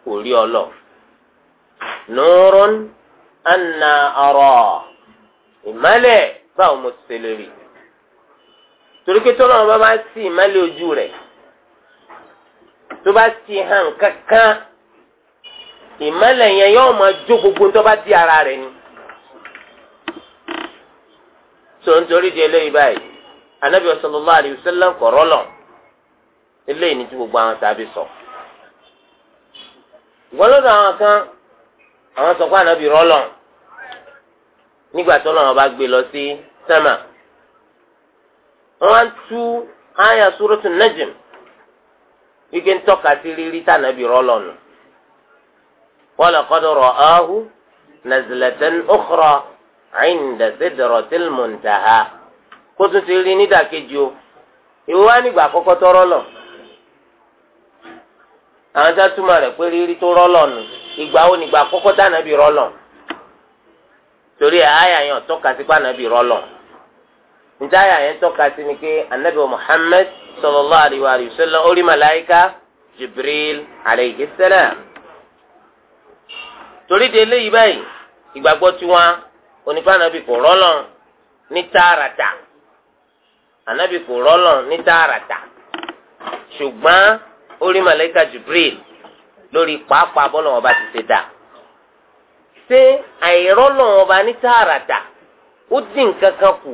kò rí ọ lọ. nùrún àna ọ̀rọ̀ ìmọ́lẹ̀ báwo mo ṣe lè rí torí pé tọ́lọ́ bá bá sí ìmọ́lẹ̀ ojú rẹ̀ tó bá kankan. ìmọ̀lẹ̀ yẹn yóò máa jó gbogbo tó bá di ara rẹ̀ ni. tó ń torí di eléyìí báyìí anabi sallallahu alaihi kọ̀rọ̀ lọ eléyìí ni tí gbogbo àwọn tàbí sọ. ìgbọ́lódò àwọn kan àwọn sọ pé anabi rọlọ̀ nígbà tó lọ́wọ́ bá gbé lọ sí sẹ́mà wọ́n á tú àyà suratul rita wíkẹ́ ń tọ́ka ولقد رآه نزلة أخرى عند سدرة المنتهى kótó ti rí nídàkejì o ìwọ wá nígbà àkọ́kọ́ tó rọ́lọ̀ àwọn tá a túmọ̀ rẹ̀ pé rírí tó rọ́lọ̀ nù ìgbà nígbà àkọ́kọ́ rọ́lọ̀ torí àyà yẹn tọ́ka sí rọ́lọ̀ níta àyà yẹn tọ́ka wa orí Jibril alayhi torí de eléyìí báyìí ìgbàgbọ́ tiwọn onífànàbì kò rọ́lọ̀ ní tààràtà ànábì kò rọ́lọ̀ ní tààràtà ṣùgbọ́n ó rí màlẹ́kà Jibril lórí pàápàá bọ́lọ̀ ọba ti ṣe dà ṣé àìrọ́lọ̀ ọba ní tààràtà ó dín nǹkan kan kù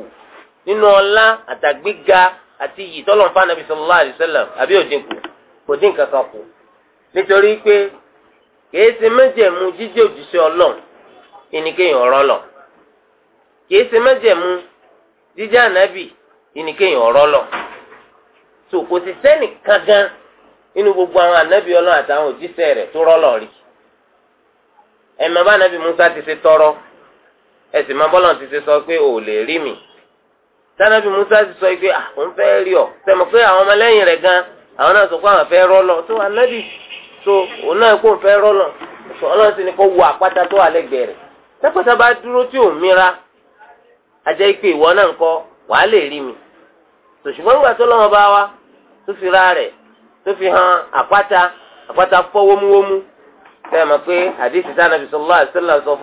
nínú ọlá àtàgbéga àti iyì ànábì sallallahu alaihi àbí ó kò dín nǹkan kan kù nítorí pé kìí ṣe mẹ́jẹ̀mú jíjẹ́ òjíṣẹ́ ọlọ́run ìníkéyìn lọ kìí ànábì lọ tó kò sì sẹ́nì kankan nínú gbogbo àwọn ànábì ọlọ́run àtàwọn òjíṣẹ́ rẹ tó rọ́lọ̀ rí bá ànábì Musa ti ṣe tọrọ ẹ̀sìn máa ti ṣe sọ pé ò lè rí mi tànàbì Musa ti sọ pé àwọn fẹ́ rí ọ sẹ́mi pé àwọn ọmọlẹ́yìn rẹ̀ gan àwọn náà sọ pé àwọn fẹ́ lọ tó so òun náà ekwo mfe fẹ́ rọ́nà sọ ọlọ́run sì ni kó wo àpáta tó wà lẹ́gbẹ̀ẹ́ rẹ̀ bá dúró tí ò mira ajẹ́ ipe ìwọ náà ń wàá lè rí mi nígbà tó lọ́wọ́ bá wa tó fi ra rẹ̀ tó fi hàn àpáta àpáta fọ́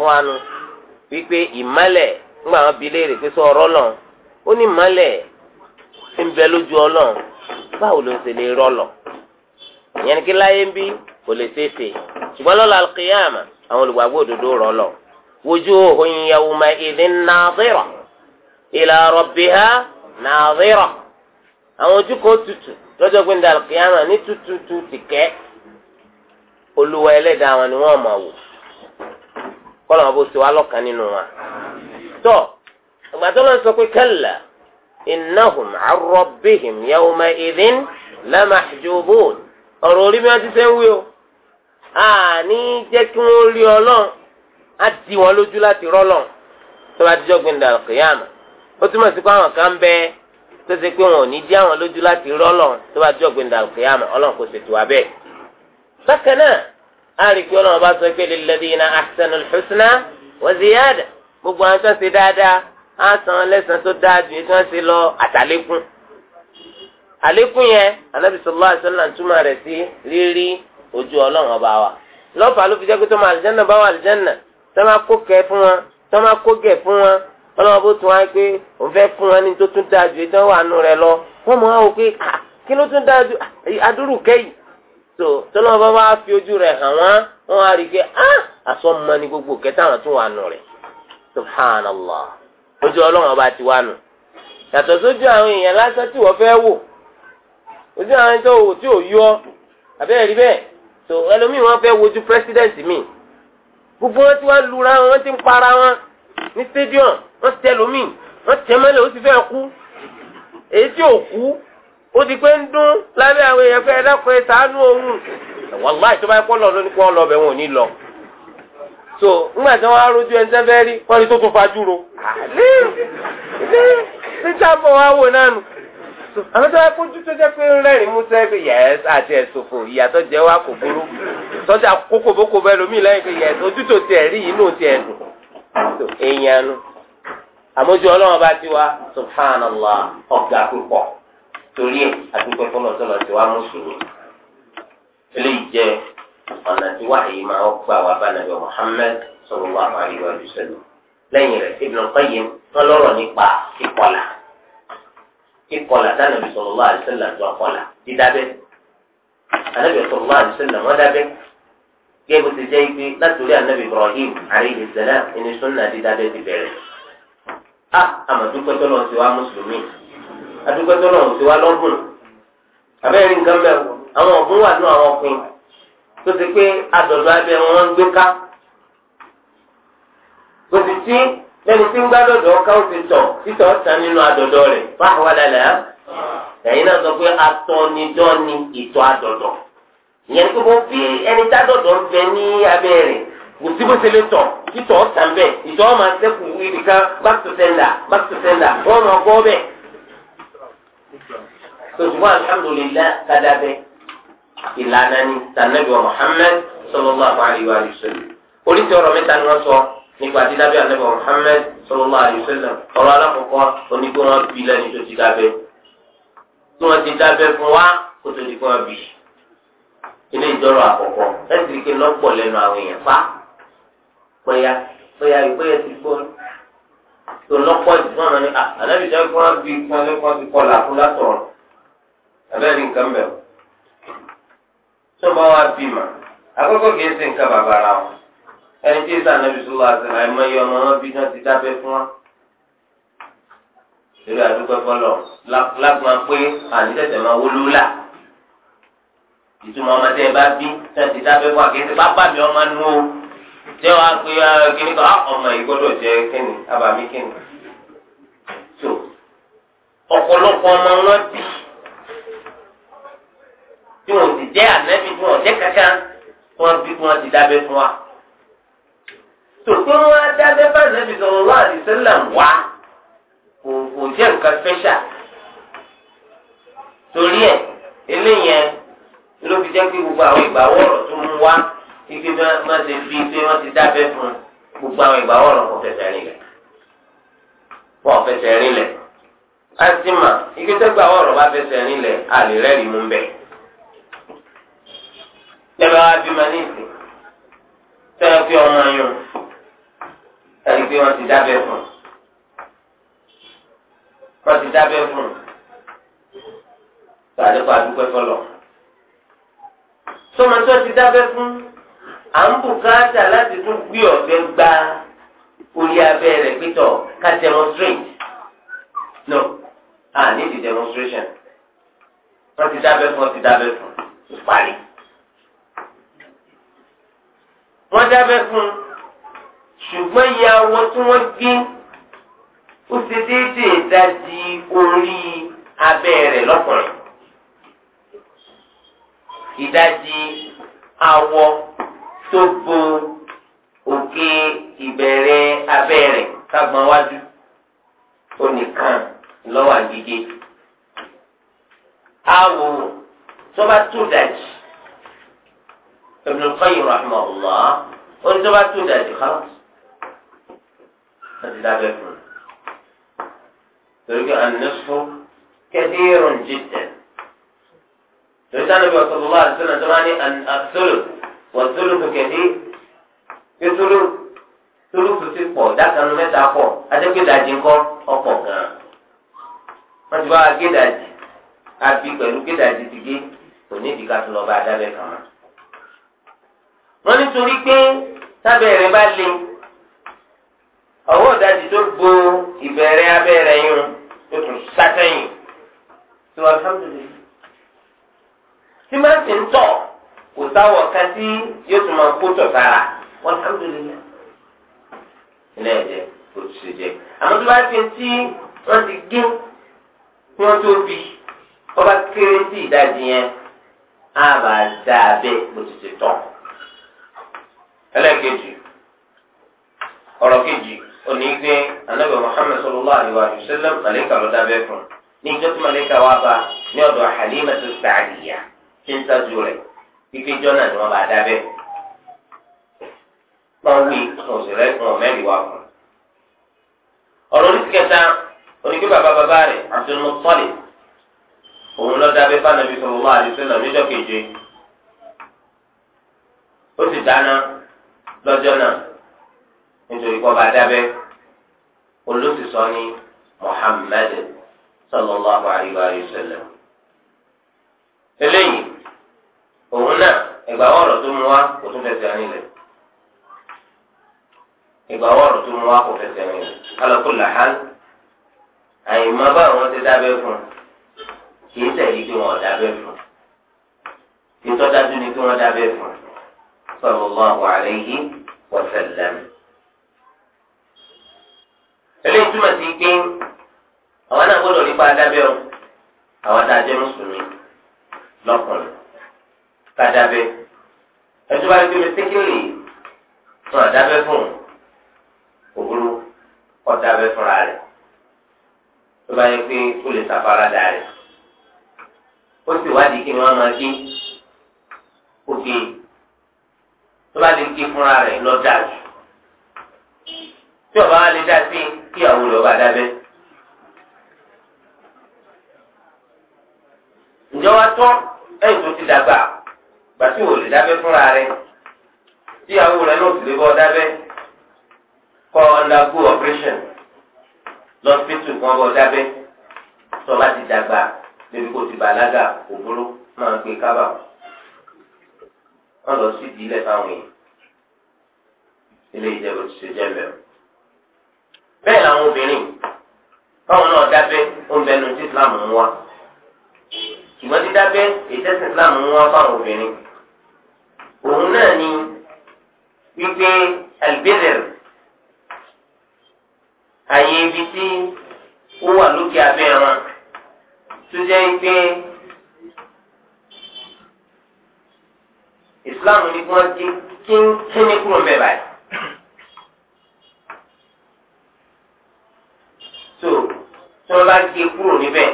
wa nu wípé ìmọ̀lẹ̀ wọn pé sọ ọ̀rọ̀ ó ní ìmọ̀lẹ̀ ń bẹ lójú báwo ló ń ṣe lè rọ́ ìyẹn ni kí láyé ń bí kò lè ṣeéṣe ṣùgbọ́n lọ́la alqiyama àwọn olùgbàgbọ́ òdodo rọ̀ lọ. wujuhun yawma'idhin nadhira ila rabbiha nadhira àwọn ojú kò tutù lọ́jọ́ gbẹ̀ndà alqiyama ní tututu tìkẹ́ olúwa ẹlẹ́dàá wọn ni wọ́n máa wò kọ́lọ̀ wọn bó ṣe wá lọ́kàn nínú wa. tó ìgbàdàn lọ sọ pé kalla innahum 'an rabbihim yawma'idhin lamahjubun ọ̀rọ̀ orí bí wọ́n ti ṣe ń wí o àní jẹ́ kí wọ́n rí ọlọ́run á di wọn lójú láti rọ́lọ́run tó bá dijọ́ gbẹ̀ndà kìyàmù ó túmọ̀ sí pé àwọn kan ń bẹ tó ṣe pé wọn ò ní dí àwọn lójú láti rọ́lọ́run tó bá dijọ́ gbẹ̀ndà kìyàmù ọlọ́run kò ṣètò wa bẹ́ẹ̀. bákan náà a rí pé ọlọ́run bá sọ pé lilladhina ahsanul husna wa ziyada gbogbo àwọn tó ṣe dáadáa á san lẹ́san tó dáa ju àlékún yẹn anabi sallallahu alaihi wasallam túmọ̀ rẹ̀ sí rírí ojú ọlọ́run ọba wa lọ́fà ló fi jẹ́ pé tọ́mọ àlìjánà bá wà àlìjánà tọ́mọ kó kẹ́ fún wọn tọ́mọ kó gẹ̀ fún wọn ọlọ́run bó tún wá pé òun fẹ́ fún wọn ní tó tún dáa ju ètò wà nù rẹ̀ lọ wọ́n mọ̀ wọ́n pé ah, kí ló tún dáa ju ah, adúrú kẹ́yì tó tọ́lọ́run bá wá fi ojú rẹ̀ hàn wọ́n wọ́n á rí i pé ah, àsọmọ ni gbogbo kẹta àwọn tún wà nù rẹ̀ subhanallah ojú ọlọ́run ọba ti wà nù yàtọ̀ sójú àwọn èèyàn lásán tí wọ́n fẹ́ wò ojú àwọn ẹni tó wò tí ò yọ àbẹ́rẹ́ rí bẹ́ẹ̀ tó ẹlòmíì wọn fẹ́ wojú president mi gbogbo wọn ti wá lura wọn wọn ti ń para wọn ní stadium wọn tẹ lómi wọn tẹ mọ́lẹ̀ ó ti fẹ́ kú èyí tí ò kú ó ti pé ń dún lábẹ́ àwọn èèyàn fẹ́ dákun ẹ̀ sàánú òun wàláì tó bá yẹ kó lọ lónìí kó lọ bẹ̀ wọn ò ní lọ so ńgbà tí wọn arójú ẹni tẹ́fẹ́ rí wọn rí tó tún fajú ro. àlè ní sísá bọ̀ wò nánu àwọn tó yẹ kó tó jẹ́ pé rẹ́rìn mú sẹ́ pé yẹ́s àti ẹ̀sọ̀fò ìyàtọ̀ jẹ́ wá kò burú tọ́jà kókò bókò bẹ́ẹ̀ lómi lẹ́yìn pé yẹ́s ojú tó tiẹ̀ rí inú tiẹ̀ dùn tó èèyàn nu àmójú ọlọ́run bá ti wá subhanallah ọ̀gá púpọ̀ torí ẹ̀ àdúgbò fọlọ́sọlọ́ ti wá mùsùlùmí eléyìí jẹ́ ọ̀nà tí wàhíì máa ń gbà wá bá nàbẹ̀ Muhammad sallallahu alaihi wa sallam lẹ́yìn rẹ̀ Ibn Qayyim wọn lọ́rọ̀ nípa ìkọlà ìkọlà dáná bí sọlọ́lá àdìsẹ́là tó àkọlà dídábẹ́ anábì sọlọ́lá àdìsẹ́là wọ́n dábẹ́ gẹ́gẹ́ bó ti jẹ́ ipe látòrí anábì Ibrahim àríyìn sẹ́lá ẹni sọ́nà dídábẹ́ ti bẹ̀rẹ̀. Ah, a àmàdúpẹ́tọ́ lọ sí wa mùsùlùmí àdúpẹ́tọ́ lọ sí wa lọ́gùn àbẹ́rẹ́ nǹkan bẹ́ẹ̀ àwọn ọ̀gbun wà nù àwọn ọ̀pin tó ti pé adọ̀dọ̀ abẹ́ wọn gbé ká tó ti tí lẹ́ni tí ń gbá dọ̀dọ̀ ká ó ti tọ̀ títọ̀ ọ̀sán nínú àdọ̀dọ̀ rẹ̀ fáwọn lẹ́la ẹ̀yin náà sọ pé atọ́nidọ́ ni ìtọ̀ àdọ̀dọ̀ ìyẹn tó bó fi ẹni tá dọ̀dọ̀ ń bẹ ní abẹ́ rẹ̀ kò sí bó ṣe lè tọ̀ títọ̀ ọ̀sán bẹ́ẹ̀ ìtọ̀ ọmọ sẹ́kù ibìkan back to sender back to sender wọ́n mọ̀ gbọ́ bẹ́ẹ̀. sọ̀tùmọ́ alhamdulilayi kada bẹ́ẹ̀ ìlànà ni sànàbí wa Muhammad sallallahu alayhi wa sallam oríṣi ọ̀rọ̀ mẹ́ta ni wọ́n sọ nípa ti dábẹ́ ànábì Muhammad sallallahu alaihi wasallam ọ̀rọ̀ alákọ̀ọ́kọ́ onígbó wọn bí lẹ́ni tó ti dábẹ́ tí wọ́n ti dábẹ́ fún wa kó tó di fún wa bì ilé ìjọrọ̀ àkọ́kọ́ ẹ̀sìn ike lọ́pọ̀ lẹ́nu àwọn èèyàn pa pẹ́yà pẹ́yà ìpẹ́yà ti gbọ́ tó lọ́pọ̀ jù fún àwọn ẹ̀ka ah, ànábì jẹ́ fún wa bí fún wa bí kọ́ làkú látọ̀rọ̀ abẹ́rẹ́ nǹkan bẹ̀rẹ̀ tó bá wa bì ẹni tí ìsàn nàbì sọlá àtẹnà ẹmọ iye ọmọ wọn bí wọn ti dábẹ́ fún wa ìrẹ àdúgbò fọlọ lágbọn pé àníṣẹṣẹ máa wó lóla ìtumọ̀ ọmọdé ẹ bá bí wọn ti dábẹ́ fún wa kì í ṣe bábà mi ọmọ nù o jẹ́ wàá pé kíní kan ah, ọmọ yìí gbọ́dọ̀ jẹ́ kíni abàmì kíni so ọ̀pọ̀lọpọ̀ ọmọ wọn bí tí wọn ti jẹ́ ànẹ́bí tí wọn jẹ́ kankan wọn bí wọn ti dábẹ́ fún wa tó pé wọn á dá lẹ́bàá nàbì sallallahu alaihi wasallam wá kò jẹ́ nǹkan fẹ́ṣà torí ẹ̀ eléyẹn ló fi jẹ́ pé gbogbo àwọn ìgbàwọ̀ ọ̀rọ̀ tó mú wá ike má ṣe fi pé wọ́n ti dábẹ́ fún gbogbo àwọn ìgbàwọ̀ ọ̀rọ̀ kò fẹsẹ̀ rinlẹ̀ wọ́n fẹsẹ̀ rinlẹ̀ a sì mà ike tó gbàwọ̀ ọ̀rọ̀ bá fẹsẹ̀ rinlẹ̀ a lè rẹ́rìí mú bẹ́ẹ̀. tẹ́lẹ̀ wá bímọ ní ìsìn tẹ́lẹ̀ fi ọmọ yún ẹni pé wọ́n ti dábẹ́ fún wọ́n ti dábẹ́ fún sàdékò àdúgbò fọlọ. sọmọtò ti dábẹ́ fún à ń bùkátà láti tún gbé ọ̀bẹ gba orí abẹ́ rẹ̀ pítọ̀ ká demonstrate no a ní di demonstration wọ́n ti dábẹ́ fún wọ́n ti dábẹ́ fún parí. wọ́n dábẹ́ fún ṣùgbọ́n ìyá wọn tí wọ́n gé ó ṣe déédéé dájí orí abẹ́ rẹ̀ lọ́kùnrin ìdájí awọ tó bo òkè ìbẹ̀rẹ̀ abẹ́ rẹ̀ ságbọn wájú ó nìkan lọ́wọ́ àgègè awò tó bá tó dájí Ibn Qayyim rahimahullah ó ní tó bá tó dájí khalas láti dábẹ́ fún un. torí pé àníṣó kẹ́díìrún jìtẹ̀. torí sáà níbi ọ̀sán bọ́lá àti sọ́nà tó máa ní àtúlù wọ́n túlù tó kẹ́dí pé túlù túlù tó ti pọ̀ dákanu mẹ́ta pọ̀ adékè dàjì ńkọ́ ọ̀pọ̀ gan-an. wọ́n ti bá wa àbí pẹ̀lú gé ti gé kò ní ìdí ká tó lọ bá adábẹ́ wọ́n nítorí pé sábẹ́ rẹ̀ bá le ọwọ́ ìdajì tó bo ìbẹ̀rẹ̀ abẹ́rẹ́ yín o tún sátẹ́yìn tó alhamdulilayi tí máa ti ń tọ̀ kò sáwọ̀ kan tí yóò tún máa kó tọ̀ sára alhamdulilayi ilé ẹ̀jẹ̀ kò tún ṣe jẹ́ àmọ́ tó bá ti ń tí wọ́n ti gé kí wọ́n tó bi wọ́n bá kéré sí ìdajì yẹn á bá dá abẹ́ kò tún ṣe tọ̀ ẹlẹ́ẹ̀kejì ọ̀rọ̀ kejì. onígbé anabi muhammad sallallahu alaihi wa sallam malayika ló dábẹ́ fún ní ìjọ wa malayika wá bá ní ọ̀dọ̀ halima tó sàdíyà tí ń sáájú rẹ̀ kíkẹ́ jọ́nà ni wọ́n bá dábẹ́ wọ́n wí òṣèré wọn mẹ́rin wá fún lọ sallallahu Alaihi wa sallam keje nítorí pé ọba dábẹ́ olóṣìṣọ́ ní Muhammad sallallahu alayhi wa sallam. eléyìí òun náà ìgbà ọ̀rọ̀ tó mú wa kò tún fẹsẹ̀ nílẹ̀ ìgbà ọ̀rọ̀ tó mú wa kò fẹsẹ̀ nílẹ̀ alọ́kùn làhán àyìnbá bá àwọn ti dábẹ́ fún kì í tẹ̀lé kí wọ́n dábẹ́ fún kí tọ́jú ni kí wọ́n dábẹ́ fún sallallahu alayhi wa sallam eléyìí túmọ̀ sí pé àwọn náà gbọ́dọ̀ nípa adábẹ́ ọ àwọn tá a jẹ́ mùsùlùmí lọ́kùnrin kádábẹ́ ẹjọ́ bá gbé mi sékìlì fún adábẹ́ fún òwúrú kọ́dábẹ́ fúnra rẹ̀ tó bá yẹ pé ó lè ṣàfaradà rẹ̀ ó sì wádìí kí ni wọ́n máa gé ó gé tó bá lè gé fúnra rẹ̀ lọ́jà jù tí ọba wa lè dá sí i kí àwọn olè ọba dábẹ́. ǹjẹ́ wá tán ẹ̀yìn tó ti dàgbà gbàtí wò lè dábẹ́ fúnra rẹ̀ tí àwọn olè náà sì lè bọ́ dábẹ́ kọ́ ọ̀nàgbó operation lọ́sítù kan bọ́ dábẹ́ tó bá ti dàgbà débi kó ti bàlágà òbúrú máa ń gbé kábà wọn lọ sí ìdílé fáwọn yìí ilé ìjẹun ti ṣe jẹ mẹ́rin bẹ́ẹ̀ làwọn obìnrin báwọn náà dábẹ́ oúnjẹ nu tí islam mú wa ṣùgbọ́n dídábẹ́ ìtẹ́sí islam mú wa fáwọn obìnrin òun náà ni wípé albidr àyè ibi tí ó wà lókè abẹ́ wọn tó jẹ́ pé islam ní kí wọ́n dín kínkínní kúrò ń bẹ̀ báyìí. tí wọ́n bá gé kúrò níbẹ̀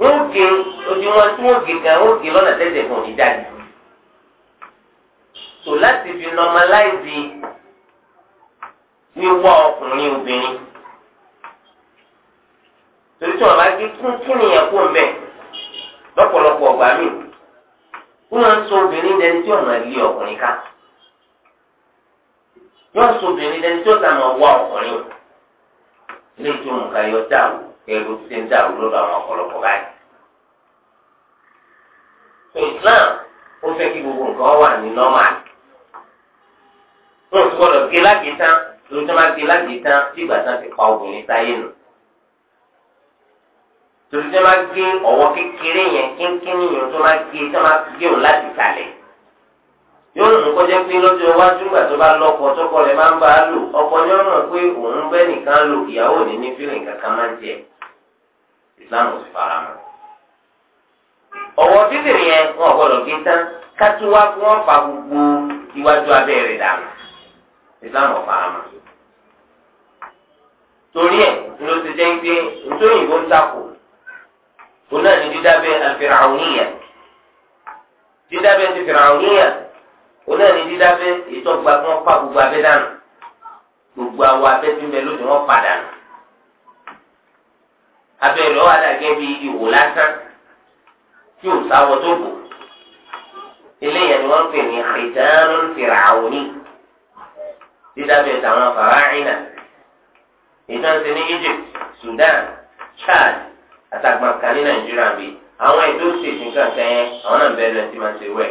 wọ́n gé òdiwọ̀n tí wọ́n gé gan wọ́n gé lọ́nà tẹ́sẹ̀ fún òní jáde tó láti fi normalize wíwá ọkùnrin obìnrin torí tí wọ́n bá gé kún kí nìyẹn kó mbẹ lọ́pọ̀lọpọ̀ ọgbà mi wọ́n máa ń sọ obìnrin dẹni tí wọ́n máa lé ọkùnrin ká yọ sọ obìnrin dẹni tí wọ́n sà máa ọkùnrin o ilé ìtumọ̀ nǹkan yọ dáwò ẹ̀rù ti ń dáwò lọ́dọ̀ àwọn ọ̀pọ̀lọpọ̀ báyìí. so Islam ó fẹ́ kí gbogbo nǹkan wà ní normal. wọn ò sì gbọdọ̀ gé láti tán lórí tó máa gé láti tán tí ìgbà tán ti pa obìnrin sáyé nù. torí tó máa gé ọwọ́ kékeré yẹn kínkín yẹn tó máa gé tó máa gé òun láti kalẹ̀. yóò nù kọjá pé lọ́jọ́ iwájú gbà tó bá lọ́kọ tọkọ rẹ̀ máa ń bá a lò ọkọ ni mọ̀ pé òun bẹ́ nìkan lò ìyàwó ní ní fílìn kankan máa ń jẹ Islam ò sì fara mọ́. ọ̀wọ́ gbogbo iwájú abẹ́ rẹ̀ dànù Islam ò fara mọ́. torí ẹ̀ ti jẹ́ pé ń takò òun náà onáà ní dídábẹ́ ìtọ́gba kí wọ́n pa gbogbo abẹ́ dànù gbogbo awọ abẹ́ tí ń bẹ lóde wọ́n pa dànù abẹ́ rẹ̀ wà dàgẹ́ bí ìwò lásán tí ò sáwọ́ tó bò eléyà ni wọ́n pè ní khidānun fir'awnī dídábẹ́ tàwọn fàráìnà ìtàn sí ní Egypt Sudan Chad àtàgbàǹkà ní Nàìjíríà bíi àwọn ètò ìṣèṣin kankan yẹn àwọn náà bẹ̀rẹ̀ sí máa ṣe wẹ̀.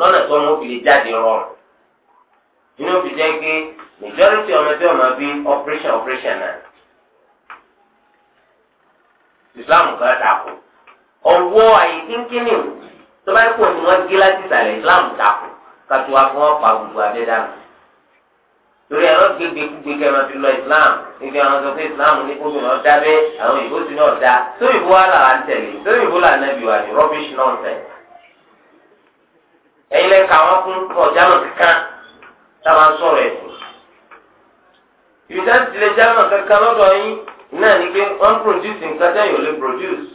lọ́nà tó wọn fi lè jáde rọrùn inú fi jẹ́ pé majority ọmọ ẹgbẹ́ ọmọ bí operation operation náà Islam kan dàkú ọwọ́ àyè kínkínní tó bá kú ni wọ́n gé láti ìsàlẹ̀ Islam dàkú kátó wá fún wọn pa gbogbo abẹ́ dànù torí ẹ̀rọ gbégbé gbégbé ẹ̀rọ ti lọ Islam níbi àwọn sọ pé Islam ní kó bìnrin ọ̀dá bẹ́ẹ̀ àwọn ìbò ti náà dá sóyìnbó wà là ń tẹ̀lé sóyìnbó là ń nẹ́bí wà ní rubbish nonsense. ẹ̀yin lẹ ka wọn kún kọ jámọ kankan táwọn sọrọ ẹsìn ìbísà ti lè kankan lọ́dọ̀ yín náà ní pé wọn produce nǹkan tẹ́ yóò produce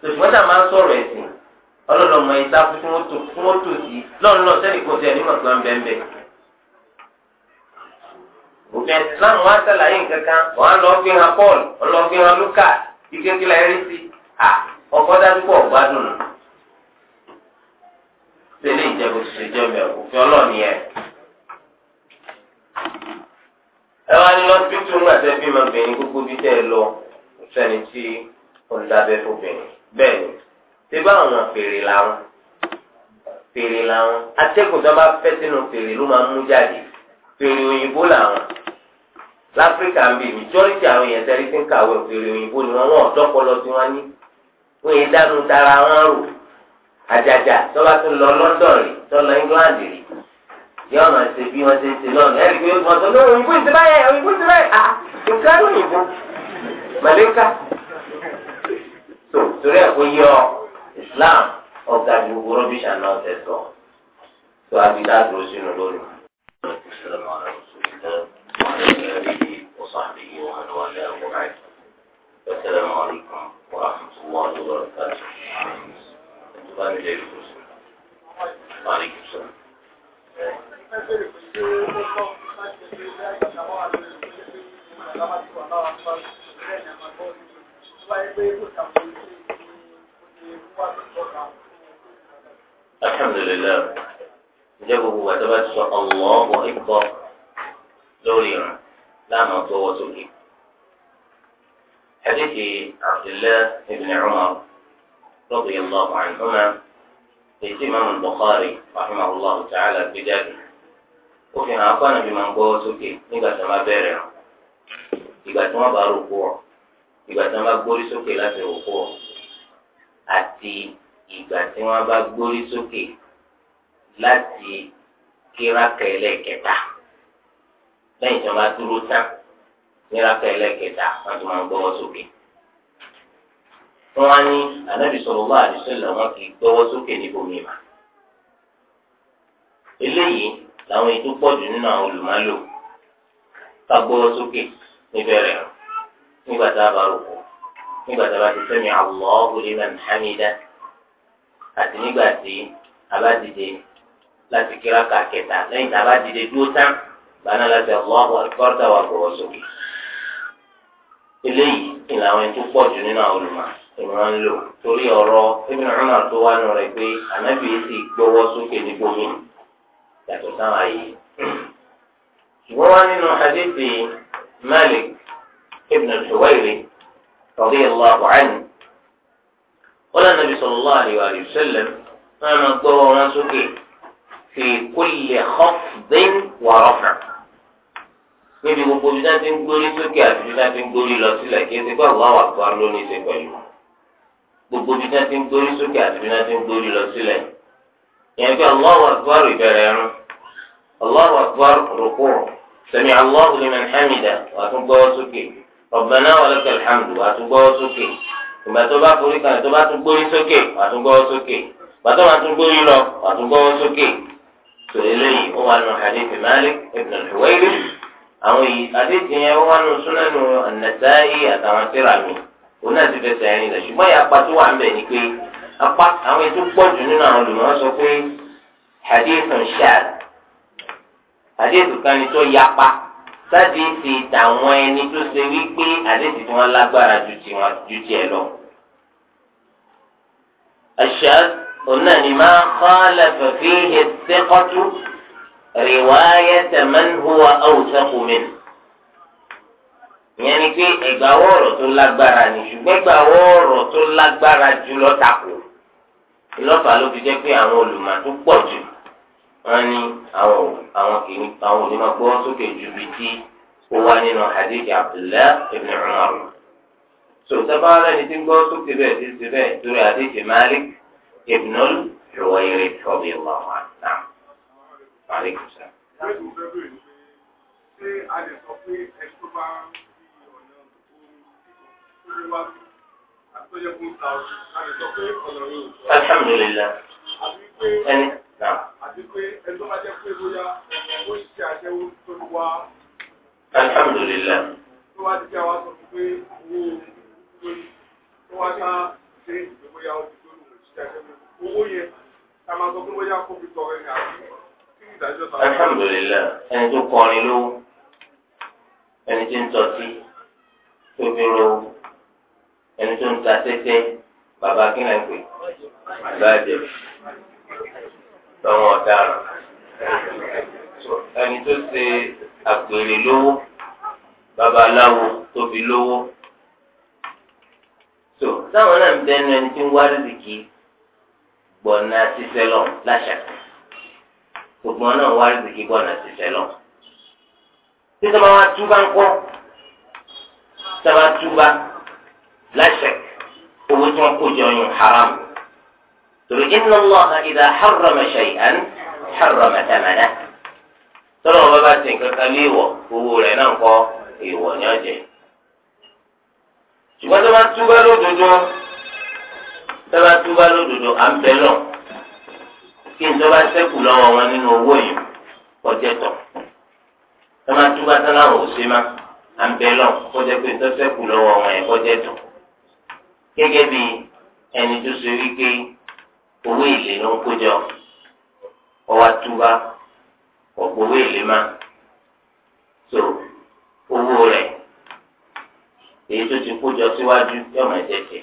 tòṣùwọ́n tá a máa sọ̀rọ̀ ẹsìn ọlọ́dọ̀ mọ ìta fún wọn tò sí lọ́nà sẹ́ni kò tẹ̀ nímọ̀ tó ń bẹ́ẹ̀ bẹ́ẹ̀ òfin islam wa sàlàyé nǹkan kan wọn lọ fi hàn paul hàn ike rí sí ọkọ tẹ́lẹ̀ ìjẹbù ti ṣe jẹmẹ òfin ọlọrin yẹn. ẹ wá ní lọ́sibítù ńgbà tẹ́ bímọ bìnrin gbogbo bí tẹ́ ẹ lọ sẹ́ni tí ó ń dábẹ́ fóbìnrin bẹ́ẹ̀ ni ṣé bá àwọn fèrè làwọn fèrè làwọn atẹ́gùn tó bá fẹ́ sínú fèrè ló máa ń mú jáde fèrè òyìnbó làwọn láfíríkà ń bì mìjọ́rìtì àwọn èèyàn tẹ́lẹ̀ tí ń kàwé fèrè òyìnbó ni wọ́n wọ́n ọ̀dọ́pọ̀lọ́ tí wọ́n ní wọ́n yẹn dánú tara wọn rò àjàjà tọ́ba tó lọ London rí tọ́lọ England rí yọ ọ̀nà ṣe bí wọ́n ṣe ń ṣe lọ́nà ẹ̀rí pé wọ́n sọ lóhùn ìbú ìṣẹ́ báyẹn ìbú ìṣẹ́ báyẹn ah, à nǹkan ló yìnbó màlẹ́ka tó torí ẹ̀ kó yọ Islam ọ̀gá gbogbo rọ́bìṣà náà tẹ̀ sọ tó a fi dá dúró sínú lónìí. السلام عليكم ورحمة الله وبركاته الحمد لله جبه وتبسى الله أكبر دوريا لا مطوة لي حديث عبد الله بن عمر رضي الله عنهما ليس إمام البخاري رحمه الله تعالى بجد وفي أقان بمن قوة سكي نيجا سما بيرنا إذا سما باركوع إذا سما بوري سكي لا تروكوع àti ìgbà tí wọn bá gbórí sókè láti kíráka ẹlẹ́kẹta lẹ́yìn tí wọn bá dúró tán kíráka ẹlẹ́kẹta wọn wọn á ní ànábì sallallahu alaihi wasallam wọn kì í gbọ́wọ́ sókè níbo mi mà eléyìí làwọn ètò pọ̀jù nínú àwọn olùmọ̀lò ká gbọ́wọ́ sókè níbẹ̀rẹ̀ nígbà tá a bá rò kó nígbà tá a bá ti sẹ́mi Allahu liman hamida àti nígbà tí a bá dìde láti kíra kà kẹta lẹ́yìn tá a bá dìde dúró tán gbaná láti Allahu akbar tá a sókè eléyìí. làwọn ẹni tó pọ̀ jù nínú àwọn olùmọ̀ ìmọ̀ ń lò torí ọ̀rọ̀ Ibn Umar tó wà nù rẹ̀ pé ànábì yìí ti gbọ́wọ́ sókè ní gbómi yàtọ̀ sáwọn àyè. ṣùgbọ́n wá nínú hadithi Malik ibn al-Huwairi radiyallahu anhu wọ́n lànà bí sallallahu alayhi wa sallam wọ́n máa gbọ́wọ́ wọn sókè fi kulli khafdin wa raf'a. níbi gbogbo bí sáà ti ń gbórí sókè àti bí sáà ti ń gbórí lọ sílẹ̀ kí ẹsẹ̀ pé àwọn àwàtò alóní ṣe pẹ̀lú gbogbo bí sáà ti ń gbórí sókè àti bí sáà ti ń gbórí lọ sílẹ̀ yẹn pé Allahu akbar ìbẹ̀rẹ̀ ẹ̀rùn Allahu akbar rúkú sami Allahu liman hamida wà tún gbọ́wọ́ sókè Rabbana wa lakal hamdu wà tún gbọ́wọ́ sókè ìgbà tó bá forí kan gbọ́wọ́ sókè bàtà wà tún àwọn èyí àdéhùn yẹn wọn nù súnánù ànàtàyè àtàwọn tíra mi òun náà ti fẹsẹ̀ rìn lẹ̀ ṣùgbọ́n ìyá apá tó wà ń bẹ̀ ni pé apá àwọn ètò pọ̀jù nínú àwọn olùmọ̀ sọ pé àdéhùn ṣáà àdéhùn kan ni tó yapa sáàdì ti tàwọn ẹni tó ṣe wípé àdéhùn tí wọ́n lágbára ju tiwọn lọ. àṣà òun náà ni máa kọ́ riwayata man huwa awthaqu min. ìyẹn ni pé ẹ̀gbàwọ́ ọ̀rọ̀ tó lágbára ni ṣùgbọ́n ẹ̀gbàwọ́ ọ̀rọ̀ tó lágbára jù lọ́tàkù. ìlọ́fà ló fi jẹ́ pé àwọn olùmọ̀ tó pọ̀ jù wọ́n ní àwọn àwọn kìíní àwọn olùmọ̀ gbọ́ sókè ju bíi tí ó wá nínú hadith Abdullah ibn Umar. sòtẹ́fà rẹ̀ ni ti gbọ́ sókè bẹ́ẹ̀ ti ti bẹ́ẹ̀ torí hadith Malik ibn al-Huwayrith radiyallahu anhu. Bàálẹ̀ kò sá. Alhamdulillah. ẹni náà. pé ẹni bá jẹ́ pé bóyá ó ń ṣe tó wá. Alhamdulillah. Tó wá ti jẹ́ àwa sọ pé owó tó wá ṣe ìgbé tó lù ú ṣe Owó yẹn, ta máa sọ pé bóyá kó tọrẹ ní àbí alhamdulilayi ẹni tó kọrin lówó ẹni tó ń tọ́sí tó fi lówó ẹni tó ń ta tẹ́tẹ́ bàbá kílẹ̀ ń pè bàjẹ́ lọ́wọ́ ọ̀daràn ẹni tó ṣe àgbèrè lówó babaláwo tó fi lówó so táwọn náà ń bẹ́ẹ̀ ní ẹni tí ń wá rìzìkì gbọ̀nà sísẹ́lọ̀ láṣà gbogbo wọn náà wá ìgbìkì gbọ́nà ṣiṣẹ́ lọ. tí sábà wá túbá ń kọ́ sábà túbá láṣẹ owó tí wọ́n kó jọ yún haram. torí inna Allaha idha harrama shay'an harrama thamanahu. tọ́lọ́ wọn bá bá ti nǹkan kan ní ìwọ̀ owó rẹ̀ náà kọ́ ìwọ̀ ní ọ̀jẹ̀. ṣùgbọ́n sábà túbá lódodo sábà túbá lódodo à ń bẹ kí ìjọba ṣẹ́kù lọ́wọ́ wọn nínú owó yìí kọjá tọ̀ ẹ máa túbá tán láwọn ò ṣe má à ń bẹ lọ kọjá pé tó ṣẹ́kù lọ́wọ́ wọn yẹn kọjá tọ̀ gẹ́gẹ́ bí ẹni tó ṣe wípé owó èlé ló ń kójọ ọwọ́ túbá ọ̀pọ̀ owó èlé má so owó rẹ̀ èyí tó ti kójọ síwájú yọ̀mọ̀ ẹ̀jẹ̀ tẹ̀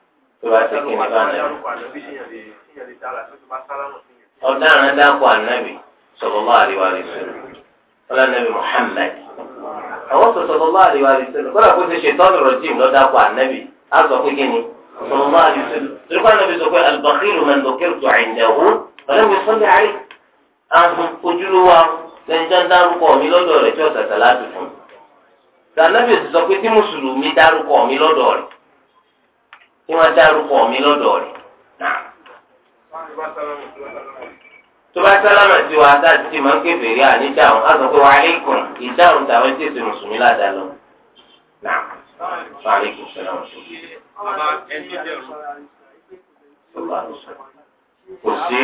tó bá ti kí ní bá nàbì. ọ̀daràn dákọ̀ ànábì sọlọ́lá àríwá rẹ̀ sọ̀rọ̀ ọlọ́nàbì Muhammad àwọn sọ sọlọ́lá àríwá rẹ̀ sọ̀rọ̀ kọ́lá kó ti ṣe tọ́lù rọ̀jìm lọ́dàkọ̀ ànábì á sọ pé kí ni sọlọ́lá àríwá sọ̀rọ̀ torí pé ànábì sọ pé albakhiru man dhukirtu indahu ọlọ́nàbì sọ́lẹ̀ àrí ahun ojúlówó ahun lẹ́njọ́ dárúkọ mi lọ́dọ̀ rẹ̀ tí ọ̀sàtà láti fún kí wọ́n dárúkọ mi lọ́dọ̀ rẹ̀ náà. tó bá sálámà sí wa tá a ti máa ń ké fèrè àní dáhùn á sọ pé wa alaykum ìdáhùn tàwọn tí èsì mùsùlùmí ládà lọ. náà wa alaykum sọlá wọn. kò sí.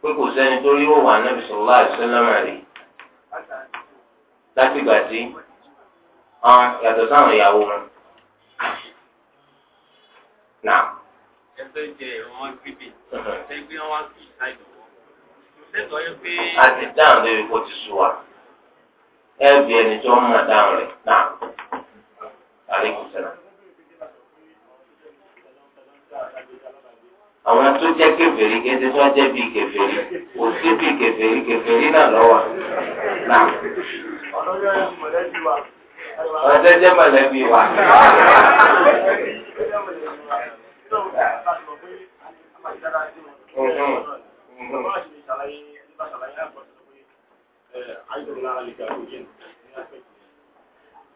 pé kò sẹ́ni tó rí òwò ànábì sallallahu alaihi wasallam rí látìgbà tí wọn yàtọ̀ sáwọn ìyàwó wọn. Nà. Ẹgbẹ́ jẹ ọmọ gbígbé. Ẹgbẹ́ wọn kì í ṣáìdù wọn. Lẹ́tọ̀ yẹ pé. A ti dáhùn lórí kó ti sùn wa. Ẹ bí ẹni tó ń mọ̀ dáhùn rẹ̀ náà. Àlékún sẹ́nà. àwọn tó jẹ kèfèrí kéde tó jẹ bíi kèfèrí kò bíi kèfèrí kèfèrí náà lọ wà náà ọ̀dọ́ jẹ́ mọ̀lẹ́bí wa.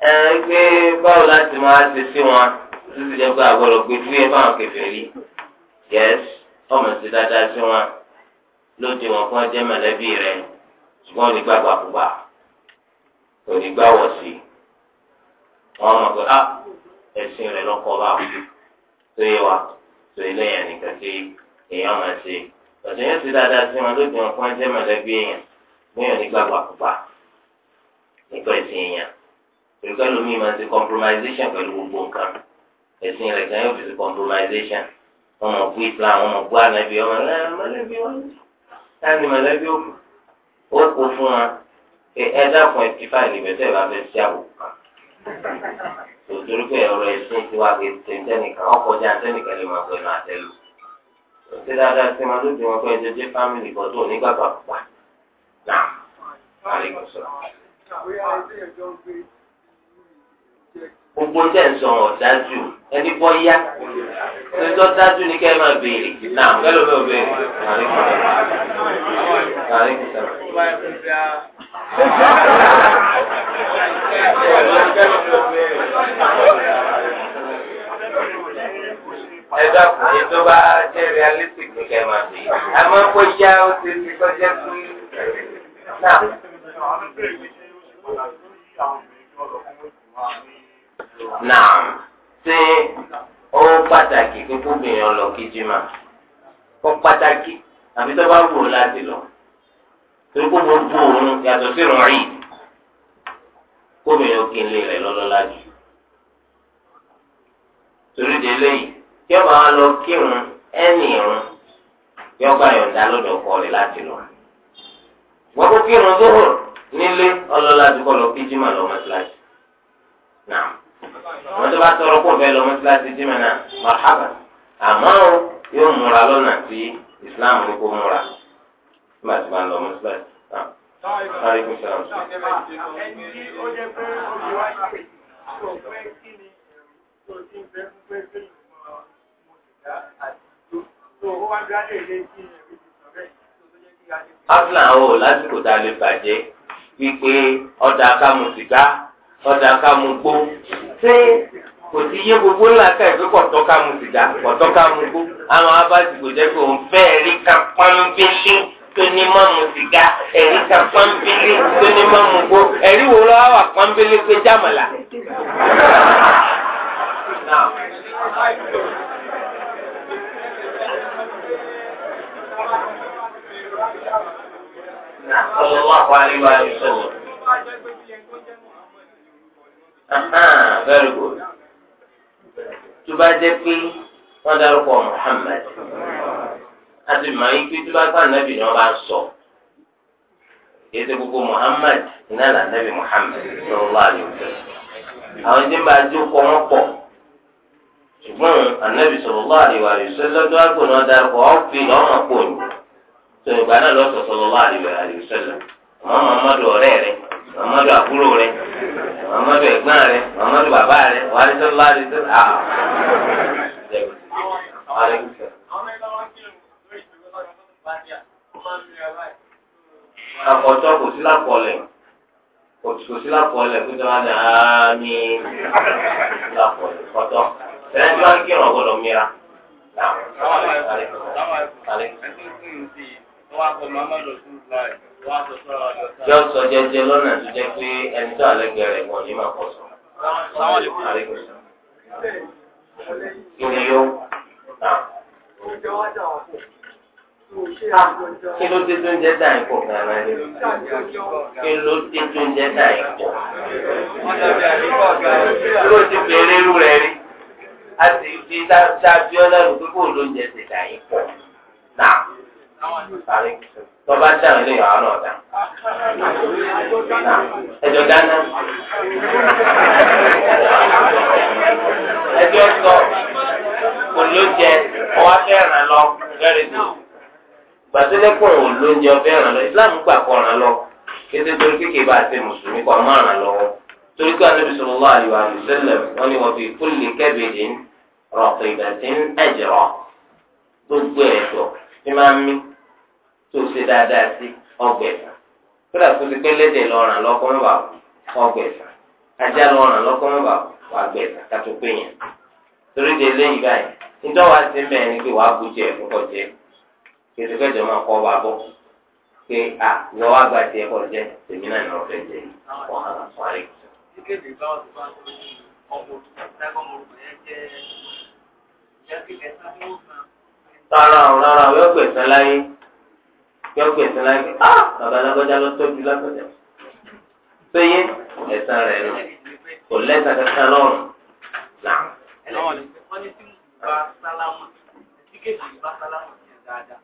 ẹ gbé báwo láti máa ṣe sí wọn títí jẹ́ pé àgbọ̀rọ̀ pé fúyẹ́ fáwọn kèfèrí yẹ́sì ọmọ sí dáadáa sí wọn lóde wọn kí wọ́n jẹ́ mọ̀lẹ́bí rẹ̀ ṣùgbọ́n onígbàgbà púpà onígbàwọ̀ sí wọn mọ̀ pé a ah, ẹ̀sìn rẹ̀ lọ́kọ́ bá tó yẹ wa tó ilé yẹn nìkan tí èèyàn máa ṣe ọ̀sẹ̀ yẹn ti dáadáa sí wọn lóde wọn fún ẹjẹ́ mọ̀lẹ́bí èèyàn léèyàn nígbàgbà pupa nípa ẹ̀sìn èèyàn pẹ̀lúkẹ́ lómi máa ti compromisation pẹ̀lú gbogbo nǹkan ẹ̀sìn rẹ̀ kan yóò fi ti compromisation wọn mọ̀ bú Islam wọn mọ̀ bú ànábì wọn ah, mọ̀lẹ́bí wọn láti mọ̀lẹ́bí ó fún wọn ẹ dákun ẹ ti fáìlì bẹ́tẹ̀ bá fẹ́ sí àbùkù kan tòtòrí pé ọ̀rọ̀ ẹ̀sìn ti wá pé tẹ̀síẹ̀nìkan ọkọjá tẹ̀síẹ̀nìkan lè máa pẹ̀lú àtẹ̀lù ṣé dáadáa sí máa lóde wọn pé ẹjọ́ jẹ́ fámìlì kan tó ní gbàgbà pupa náà wàá lè sọ. gbogbo tẹ̀ ń sọ ọ̀dájú ẹni bọ́ yá ẹjọ́ dájú ni kẹ́ ẹ máa béèrè náà bẹ́ẹ̀ ló bẹ́ẹ̀ béèrè ẹ̀dá ètò bá jẹ́ realistic nìkẹ́ máa fi àmọ́ kó yá ó ti fi kọjá sí náà. Náà ṣé ó pàtàkì pé kóbìnrin ọlọ́kìjì máa? Ó àbí tó bá wù ú láti lọ. torí kó gbogbo òun yàtọ̀ sí rọ̀rì kóbìnrin òkè ńlẹ̀ rẹ̀ lọ́lọ́lá jù torí de léyìí tí ó máa lọ kírun ẹnì irun yọ gba yọ̀ǹda lọ́dọ̀ ọkọ láti lọ. wọ́n kó kírun tó nílé ọlọ́lá jù lọ kí jimá lọ náà wọ́n tó bá tọrọ kó bẹ́ẹ̀ Islam nígbà tí máa ń lọ mọ́sálásí. Sáré kò ṣe àwọn sùn. Ẹni ó jẹ́ pé omi wá ń pè tó pé kí ni tó ti ń bẹ́ fún pé kí ni mo ṣèdá a ti. Áfíà ń wò lásìkò tá a ọ̀dà ká mu sìgá ọ̀dà ká mu gbó ṣé kò sí yé gbogbo ńlá ká ìpè pọ̀tọ́ ká mu sìgá pọ̀tọ́ ká mu gbó àwọn abáṣìkò jẹ́ pé òun fẹ́ẹ́ rí ká pánú bí lé tó ní má mu sìgá ẹ̀rí kan pọ́nbélé wo lọ́wọ́ wa sallam. Very good. Tó bá jẹ́ pé Muhammad. láti mọ ayé pé tó bá gbà nàbì ni wọn bá ń sọ yéésì gbogbo Muhammad iná là nàbì Muhammad sallallahu alaihi wasallam àwọn ẹni bá jó kọ wọn pọ ṣùgbọ́n ànábì sallallahu alaihi wasallam tó àgbò náà darapọ̀ ọ̀fì lọ́mọ pò ní tó ìgbà náà lọ́sọ̀ sallallahu alaihi wasallam àmọ́ Muhammadu àbúrò bàbá akọtọ kò sí lakọlẹ kò sí lakọlẹ kó tó wá dé ami lakọlẹ kọtọ sẹnẹ tí wọn kírun ọgbọdọ mìíràn. Yọ sọ jẹ́jẹ́ lọ́nà tó jẹ́ pé ẹni tó àlẹ́gbẹ̀ẹ́ rẹ̀ wọ̀ ní máa pọ̀ sọ. Kí ni yóò? kí ló dé tó ń jẹ́ dáì pọ̀ gàrà rẹ̀ kí ló dé tó ń jẹ́ dáì pọ̀. ló ti bèrè irú rẹ̀ rí a sì fi ṣáájú ọlọ́run pé kó ló ń jẹ́ ti dáì pọ̀ náà tọ́ba dáhùn ilé ìyàwó náà dá ẹjọ́ dáná ẹjọ́ sọ kò ló jẹ ọwọ́ fẹ́ràn lọ fẹ́rẹ̀ tó gbàtúlẹ̀kùn ò lóúnjẹ ọbẹ̀ ràn lọ islam gbà kọ́ ràn lọ kété torí pé kébà àti mùsùlùmí kọ́ máa ràn lọ́wọ́ torí pé anábì sallallahu alaihi wa sallam wọn ni wọn fi kulli kabidin raqibatin ajra gbogbo ẹ̀tọ́ tí máa ń mí tó ṣe dáadáa sí ọgbẹ̀sán kódà kó ti pé lédè lọ́ràn lọ́kọ́ mọ́ba ọgbẹ̀sán ajá lọ́ràn lọ́kọ́ mọ́ba ọgbẹ̀sán kátó péyàn torí de lẹ́yìn báyìí nítorí wàá ti ń pé wàá bu jẹ ẹ̀fọ́ kọjẹ́ kìí fẹjọ máa kọ wa bọ pé a lọ wá gba tiẹ̀ kọ jẹ tèmi náà lọ fẹ́ jẹ wàhálà parí. kékeré bá wà tó bá tó ní ọmọ ìdágbọ́n mo rò yẹn jẹ́ ìdákéde sáfẹ́ òkan. rárá o rárá o yọ gbẹ̀sán láyé yọ gbẹ̀sán láyé a bàbá alágbájá lọ tọ́jú lágbájá péye ẹ̀sán rẹ̀ nù kò lẹ́sàn kankan lọ́rùn náà. ẹlẹ́wọ̀n ni wọ́n ní tí mo bá sálámù tí bá sálámù yẹn dáadáa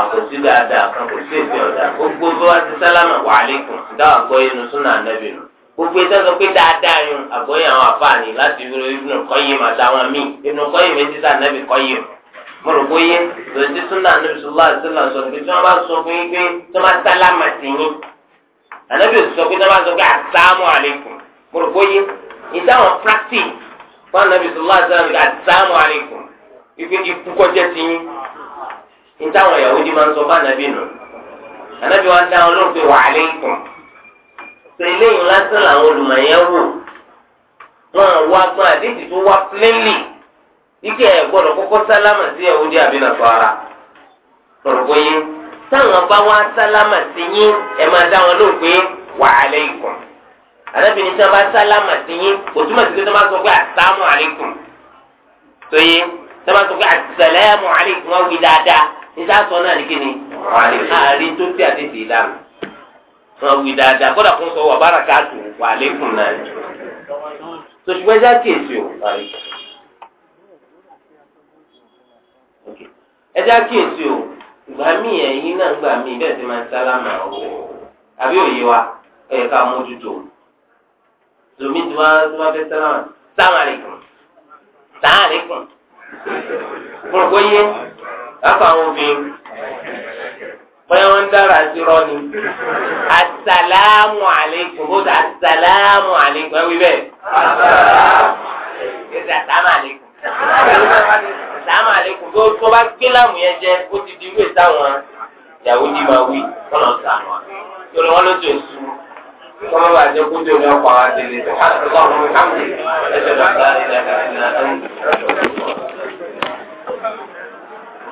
àkòsí dáadáa kan kò sí èsì ọ̀dà gbogbo bí wọ́n ti sálámà wà lẹ́kùn dáhùn àgbọ́yé nu súnà ànábì nu gbogbo ìtàn sọ pé dáadáa yun àgbọ́yé àwọn àfààní láti fi Ibn Qayyim àtàwọn míì Ibn Qayyim méjì sá ànábì Qayyim mo rò bóyé lòdì súnà ànábì sọlá àtìlá sọ pé tí wọ́n bá sọ fún yín pé tí wọ́n bá sálámà sí yín ànábì sọ pé tí wọ́n bá sọ pé àsámù àlékún mo rò bóyé ìdáhùn practice fún ànábì sọlá àtìlá nítawọn Yahudi ma ń sọ fún anabi nù anabi wa dáhùn ló wa alaykum ṣe lásán làwọn olùmọ̀yẹ́ wò wọn wá gbọ́n àdéhìí tó wá pílẹ́lì ike ẹ̀ gbọ́dọ̀ sálámà sí Yahudi àbí Nasara yín táwọn bá wá sálámà sí yín máa dá wọn pé wa alaykum anabi ní sábà sálámà sí yín òtúmọ̀ sí pé sábà sọ pé yín sábà sọ pé wá wí dáadáa. níta sọ náà ní kíni àárín tó tí àtẹ̀tẹ̀ dànù wọn wí dáadáa kódà kó sọ wà bára káàtó wà lẹ́kùn náà ni sọ̀tùpẹ́ já kéèsì o ẹ já kéèsì o ìgbà míì ẹ̀yin náà gbà míì bẹ́ẹ̀ ti máa ń sálámà o àbí òye wa ẹ̀ ká mójútó lomi tí wọ́n tí wọ́n fẹ́ sálámà sálámà lẹ́kùn sálámà lẹ́kùn fún ọkọ yẹ lápá àwọn obìnrin bóyá wọ́n ń dára sí rọ́ọ̀nì asalaamu aleykum bó ta asalaamu aleykum ẹ wí bẹ́ẹ̀ kẹsì asalaamu aleykum asalaamu aleykum tó tó bá gbé láàmú yẹn jẹ ó ti di ìwé táwọn ìyàwó ní ma wí kọ́nà sànù wa torí wọn ló tó su kọ́nà bá jẹ kótó ní ọkọ̀ àwọn àtẹlẹ sọ́kàtà lọ́wọ́ mi hàn ẹ̀ṣẹ̀ lọ́kàlá ìlànà ìlànà.